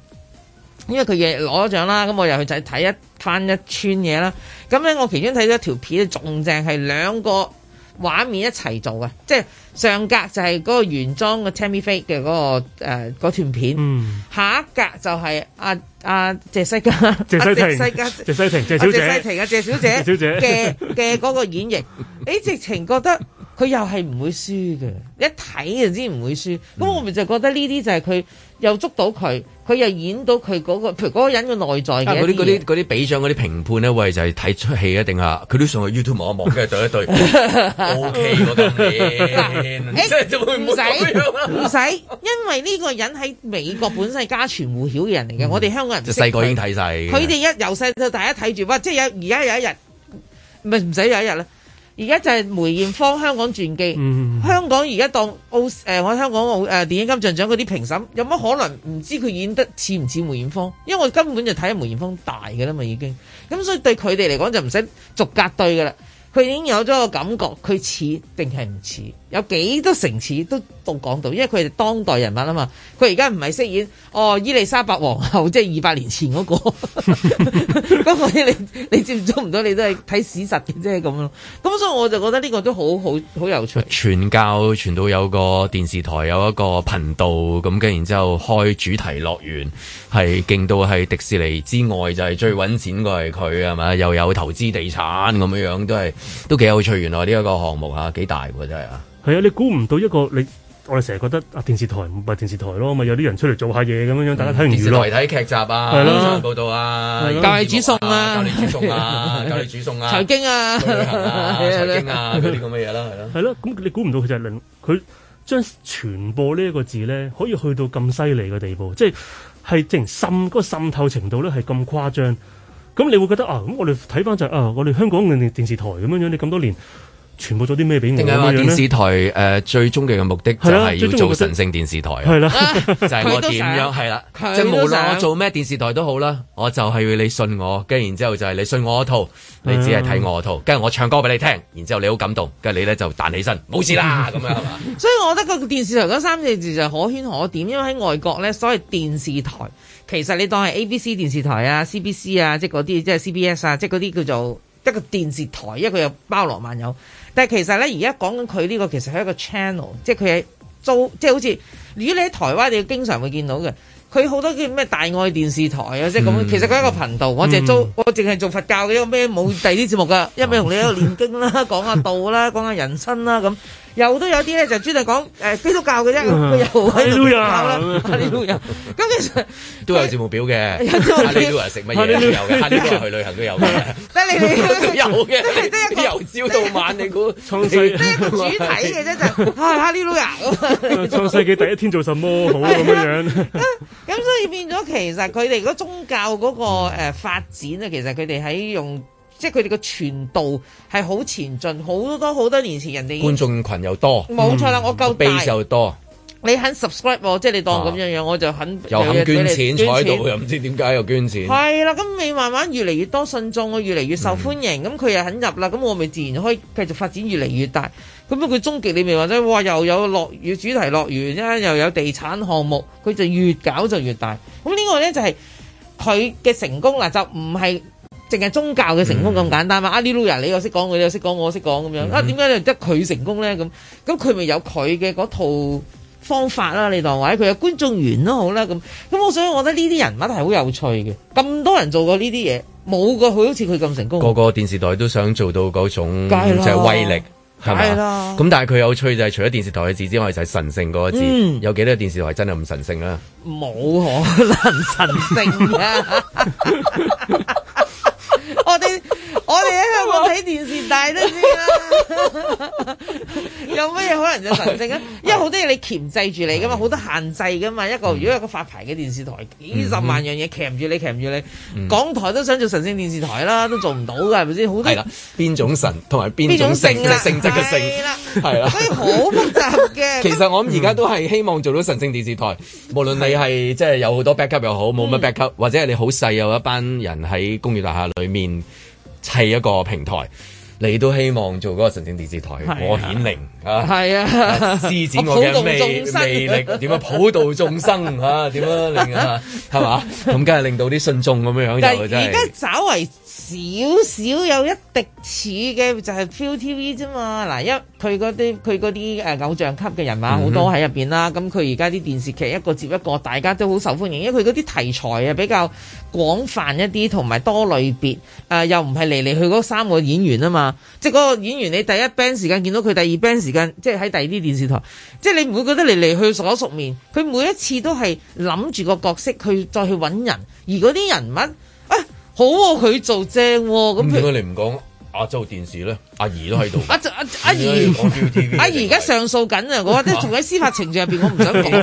[SPEAKER 3] 因為佢嘅攞咗獎啦，咁我又去就睇一翻一串嘢啦。咁咧，我其中睇咗條片，仲正係兩個畫面一齊做嘅，即係上格就係嗰個原裝嘅、那個《Tammy Faye》嘅嗰個段片，嗯、下一格就係阿阿謝西嘉、謝西嘉、謝西婷、謝小姐、謝
[SPEAKER 4] 西婷嘅謝小姐嘅
[SPEAKER 3] 嘅嗰個演繹，你直情覺得？佢又係唔會輸嘅，一睇就知唔會輸。咁我咪就覺得呢啲就係佢又捉到佢，佢又演到佢嗰、嗰個，佢嗰個人嘅內在嘅。嗰啲
[SPEAKER 2] 嗰啲畀獎嗰啲評判咧，喂就係睇出戲一定啊，佢都上去 YouTube 望一望嘅， 對一對。O K，我得嘅。誒、 欸，唔使唔使，
[SPEAKER 3] 因為呢個人喺美國本身係家傳戶曉嘅人嚟嘅，嗯、我哋香港人。細個已經睇晒。佢哋一由細到大一睇住，哇！即係有而家有一日，唔係唔使有一日啦。而家就係梅艷芳香港傳記，嗯嗯呃，香港而家當澳誒我香港澳誒電影金像獎嗰啲評審，有乜可能唔知佢演得似唔似梅艷芳？因為我根本就睇梅艷芳大嘅啦嘛，已經，咁所以對佢哋嚟講就唔使逐格對噶啦，佢已經有咗個感覺，佢似定係唔似。有幾多城市都到講到，因為佢哋當代人物啊嘛。佢而家唔係飾演哦伊麗莎白皇后，即係二百年前嗰個。咁所以你你接觸唔到，你都係睇史實嘅啫咁咯。咁所以我就覺得呢個都好好好有
[SPEAKER 2] 趣。傳教傳到有個電視台有一個頻道咁嘅，然之後開主題樂園係勁到係迪士尼之外就係最揾錢嘅係佢係咪又有投資地產咁樣樣，都係都幾有趣。原來呢一個項目吓幾大喎真係啊！
[SPEAKER 4] 係啊，你估唔到一個你，我哋成日覺得啊，電視台唔係電視台咯，咪有啲人出嚟做下嘢咁樣樣，大家睇完娛樂睇劇集啊，新聞報道啊，教你煮餸啊，教你煮餸啊，教你煮餸啊，財經啊，旅行啊，財經啊，呢啲咁嘅嘢啦，係咯，係咯，咁你估唔到佢就係佢將傳播呢一個字咧，可以去到咁犀利嘅地步，即係係正滲嗰個滲透程度咧，係咁誇張，咁你會覺得啊，咁我哋睇翻就係啊，我哋香港嘅電電視台咁樣樣，你咁多年。全部做啲咩俾我？定係話電視
[SPEAKER 2] 台誒，最終極嘅目的就係要做神聖電視台係啦，
[SPEAKER 1] 就係我點樣係啦，即係無
[SPEAKER 2] 論我做咩電視台都好啦，我就係要你信我，跟住然之後就係你信我嗰套，你只係睇我嗰套，跟住我唱歌俾你聽，然之後你好感動，跟住你咧就彈起身，冇事啦咁
[SPEAKER 4] 樣係嘛？
[SPEAKER 3] 所以我覺得個電視台嗰三四字就可圈可點，因為喺外國咧，所謂電視台，其實你當係 A B C 電視台啊、C B C 啊，即係嗰啲，即係 C B S 啊，即係嗰啲叫做一個電視台，一個又包羅萬有。但係其實咧，而家講緊佢呢個其實係一個 channel，即係佢係租，即係好似如果你喺台灣，你經常會見到嘅，佢好多叫咩大愛電視台啊，即係咁，嗯、其實佢係一個頻道，我淨係租，嗯、我淨係做佛教嘅一個咩冇第二啲節目嘅，因為同你喺度念經啦，講下 道啦，講下人生啦咁。又都有啲咧，就專係講誒基督教嘅啫，又係基督教啦，哈利路亞。咁其
[SPEAKER 2] 實都有節目表嘅，有啲人食乜嘢都有嘅，有啲人去旅行都
[SPEAKER 4] 有嘅。
[SPEAKER 2] 但係你有嘅，由
[SPEAKER 4] 朝到晚你估？即係一個主題嘅
[SPEAKER 3] 啫，就係哈利路亞。
[SPEAKER 4] 創世紀第一天做什麼好咁樣？
[SPEAKER 3] 咁所以變咗，其實佢哋嗰宗教嗰個誒發展啊，其實佢哋喺用。即係佢哋個傳道係好前進，好多好多年前人哋觀
[SPEAKER 2] 眾群又多，冇錯啦，嗯、我夠又多，
[SPEAKER 3] 你肯 subscribe 我即係你當咁樣樣，啊、我就肯又肯捐錢，坐喺度又唔
[SPEAKER 2] 知點解又捐錢，係
[SPEAKER 3] 啦，咁你慢慢越嚟越多信眾，我越嚟越受歡迎，咁佢、嗯、又肯入啦，咁我咪自然可以繼續發展越嚟越大，咁啊佢終極裏面話啫，哇又有落雨主題樂園啦，又有地產項目，佢就越搞就越大，咁呢個咧就係佢嘅成功嗱，就唔係。淨係宗教嘅成功咁簡單嘛？阿利路亞，你又識講，佢又識講，我識講咁樣。啊，點解你得佢成功咧？咁咁佢咪有佢嘅嗰套方法啦？你當位佢有觀眾緣都好啦。咁咁，所以我覺得呢啲人物係好有趣嘅。咁多人做過呢啲嘢，冇個佢好似佢咁成功。個個電視
[SPEAKER 2] 台都想做到嗰種，就係威力係嘛？咁但係佢有趣就係除咗電視台嘅字之外，就係神聖嗰個字。有幾多電視台真係咁神聖啊？
[SPEAKER 3] 冇可能神聖啊！ 我哋喺香港睇電視大都知啦， 有咩嘢可能就神聖啊？因為好多嘢你鉗制住你噶嘛，好的多限制噶嘛。一個、嗯、如果一個發牌嘅電視台，幾十萬樣嘢鉗住你，鉗住你。嗯、港台都想做神聖電視台啦，都做唔到噶，係咪先？好多邊
[SPEAKER 2] 種神同埋邊種性嘅性質嘅性，係啦，
[SPEAKER 3] 所
[SPEAKER 1] 以好複雜嘅。 其實我諗而家都
[SPEAKER 2] 係希望做到神聖電視台， 無論你係 即係有好多 back up 又好，冇乜 back up，或者係你好細有一班人喺工業大廈裡面。砌一個平台，你都希望做嗰個神聖電視台，我顯靈啊，係啊，啊，啊，施展我嘅魅魅 力，點樣普度眾生 啊？點樣令啊？係嘛？ 咁梗係令到啲信眾咁樣樣就
[SPEAKER 3] 真係。少少有一滴似嘅就係 Feel TV 啫嘛，嗱，因為佢嗰啲佢嗰啲誒偶像級嘅人物好多喺入邊啦，咁佢而家啲電視劇一個接一個，大家都好受歡迎，因為佢嗰啲題材啊比較廣泛一啲，同埋多類別，誒、呃、又唔係嚟嚟去嗰三個演員啊嘛，即係嗰個演員你第一 band 時間見到佢，第二 band 時間即係喺第二啲電視台，即係你唔會覺得嚟嚟去所熟面，佢每一次都係諗住個角色去再去揾人，而嗰啲人物。好，佢做正咁、哦。點解你
[SPEAKER 2] 唔講亞洲電視咧？阿怡都喺度。 阿阿阿阿怡而家
[SPEAKER 3] 上訴緊啊！我啲仲喺司法程序入邊，麼我唔想講。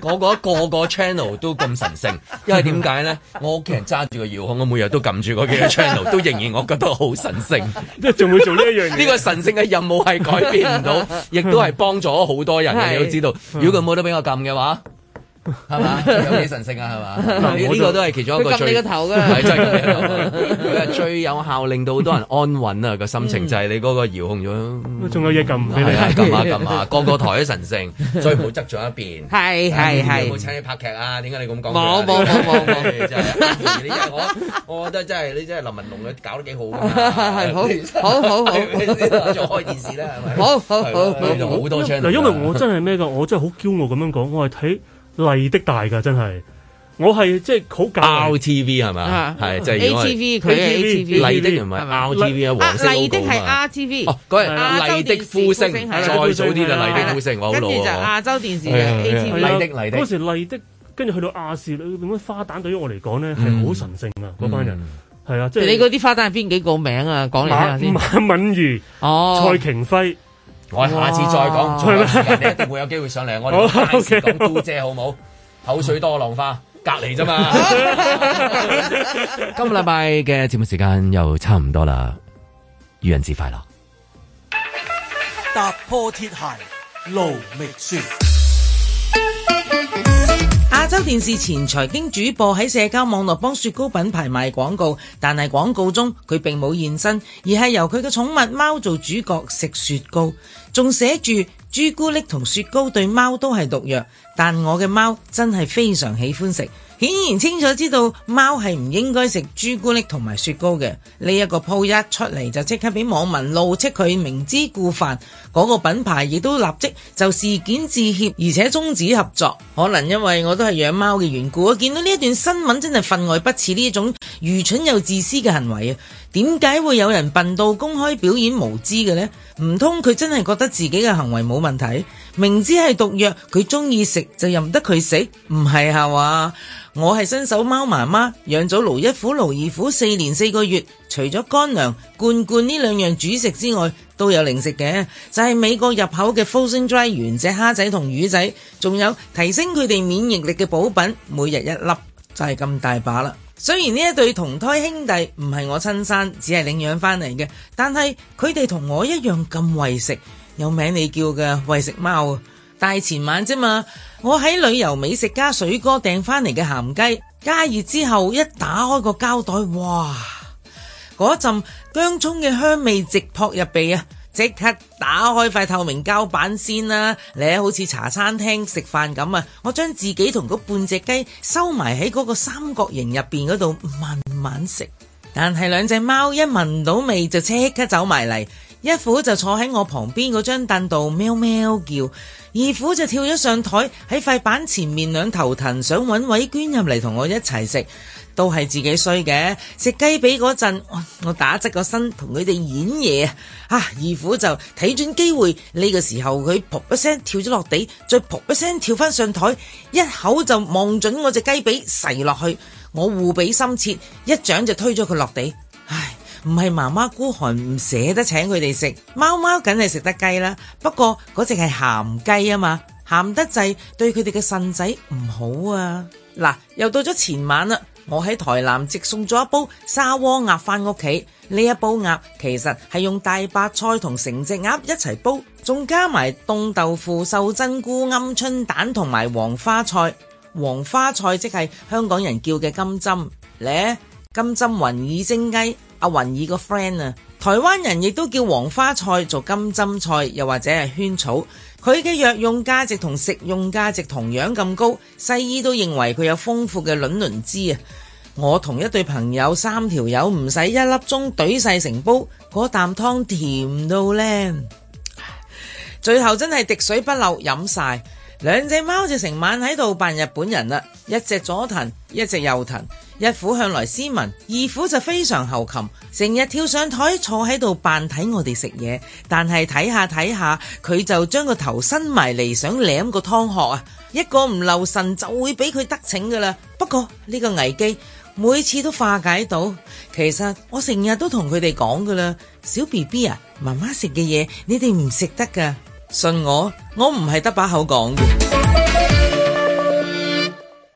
[SPEAKER 3] 我
[SPEAKER 2] 覺得個個 channel 都咁神聖，因為點解咧？我屋企人揸住個遙控，我每日都撳住嗰幾個 channel，都仍然我覺得好神聖。即係仲會做呢一樣嘢，呢 個神聖嘅任務係改變唔到，亦都係幫助咗好多人嘅。 你都知道，是如果佢冇得俾我撳嘅話。係嘛？有幾
[SPEAKER 3] 神聖啊，係嘛？呢呢個都係其中一個最，我撳你個頭噶，係真係撳你個頭。
[SPEAKER 2] 佢係最有效，令到好多人安穩啊個心情，就係你嗰個遙控咗。仲有嘢撳你啊！撳下撳下，個個台都神聖，最唔好側咗一邊。
[SPEAKER 4] 係係係。有冇請你拍
[SPEAKER 2] 劇啊？點解你咁講？冇冇冇冇冇。真係你真係我，我覺得真係你真係林文龍，佢搞得幾好噶嘛。係係好，好好好，繼續開電視啦。好好好。我做好多 channel。嗱，因為我真
[SPEAKER 4] 係咩噶，我真係好驕傲咁樣講，我係睇。麗的大噶真係，我係即係好舊 R T V 係咪？係就係 A T V 佢 A T V，麗的唔係 R T V 啊，黃色佬麗的係
[SPEAKER 3] R T V。嗰日麗的呼聲，
[SPEAKER 2] 再早啲就麗的呼聲，我好老。跟住就亞洲
[SPEAKER 4] 電視嘅 A T V，嗰時麗的，跟住去到亞視，你點解花旦對於我嚟講呢？係好神聖啊？嗰班人係啊，即係你嗰啲花旦係邊幾個名啊？講
[SPEAKER 3] 嚟聽下先，馬敏
[SPEAKER 4] 儀、
[SPEAKER 3] 蔡
[SPEAKER 1] 瓊輝。我下次再講，仲有時間，你一定會有機會上嚟。 我哋暫時講姑姐好冇？口
[SPEAKER 2] 水多浪花， 隔離啫嘛。 今個禮拜嘅節目時間又差唔多啦，愚人節快樂！
[SPEAKER 1] 踏破鐵鞋路覓雪。
[SPEAKER 3] 亞洲電視前財經主播喺社交網絡幫雪糕品牌賣廣告，但係廣告中佢並冇現身，而係由佢嘅寵物貓做主角食雪糕。仲寫住朱古力同雪糕對貓都係毒藥，但我嘅貓真係非常喜歡食。顯然清楚知道貓係唔應該食朱古力同埋雪糕嘅，呢、這、一個 po 一出嚟就即刻俾網民怒斥佢明知故犯，嗰、那個品牌亦都立即就事件致歉，而且終止合作。可能因為我都係養貓嘅緣故，我見到呢一段新聞真係分外不似呢一種愚蠢又自私嘅行為啊！點解會有人笨到公開表演無知嘅呢？唔通佢真係覺得自己嘅行為冇問題？明知係毒藥，佢中意食就任得佢食，唔係吓話。我係新手貓媽媽，養咗勞一虎、勞二虎四年四個月，除咗乾糧、罐罐呢兩樣主食之外，都有零食嘅，就係、是、美國入口嘅 Frozen Dry 原隻蝦仔同魚仔，仲有提升佢哋免疫力嘅補品，每日一粒就係、是、咁大把啦。雖然呢一對同胎兄弟唔係我親生，只係領養翻嚟嘅，但係佢哋同我一樣咁餵食。有名你叫嘅餵食貓啊！大前晚啫嘛，我喺旅遊美食家水哥訂翻嚟嘅鹹雞，加熱之後一打開個膠袋，哇！嗰陣薑葱嘅香味直撲入鼻啊！即刻打開塊透明膠板先啦，你好似茶餐廳食飯咁啊！我將自己同嗰半隻雞收埋喺嗰個三角形入邊嗰度慢慢食，但係兩隻貓一聞到味就即刻走埋嚟。一虎就坐喺我旁邊嗰張凳度喵喵叫，二虎就跳咗上台喺塊板前面兩頭騰，想搵位捐入嚟同我一齊食，都係自己衰嘅。食雞髀嗰陣，我打側個身同佢哋演嘢啊！二虎就睇準機會呢個時候，佢噗一聲跳咗落地，再噗一聲跳翻上台，一口就望準我隻雞髀噬落去，我護比心切，一掌就推咗佢落地。唔係媽媽孤寒，唔捨得請佢哋食貓貓，梗係食得雞啦。不過嗰隻係鹹雞啊嘛，鹹得滯，對佢哋嘅腎仔唔好啊。嗱，又到咗前晚啦，我喺台南直送咗一煲砂鍋鴨返屋企。呢一煲鴨其實係用大白菜同成隻鴨一齊煲，仲加埋凍豆腐、秀珍菇、鵪鶉蛋同埋黃花菜。黃花菜即係香港人叫嘅金針咧，金針雲耳蒸雞。阿雲二個 friend 啊，台灣人亦都叫黃花菜做金針菜，又或者係萱草。佢嘅藥用價值同食用價值同樣咁高，西醫都認為佢有豐富嘅卵磷脂啊！我同一對朋友三條友唔使一粒鐘，懟曬成煲，嗰啖湯甜到咧，最後真係滴水不漏飲晒。兩隻貓就成晚喺度扮日本人啦，一隻左騰，一隻右騰。一虎向來斯文，二虎就非常喉擒，成日跳上台坐喺度扮睇我哋食嘢，但係睇下睇下，佢就將個頭伸埋嚟想舐個湯殼啊！一個唔留神就會俾佢得逞噶啦。不過呢個危機每次都化解到，其實我成日都同佢哋講噶啦，小 B B 啊，媽媽食嘅嘢你哋唔食得噶。信我，我唔係得把口講。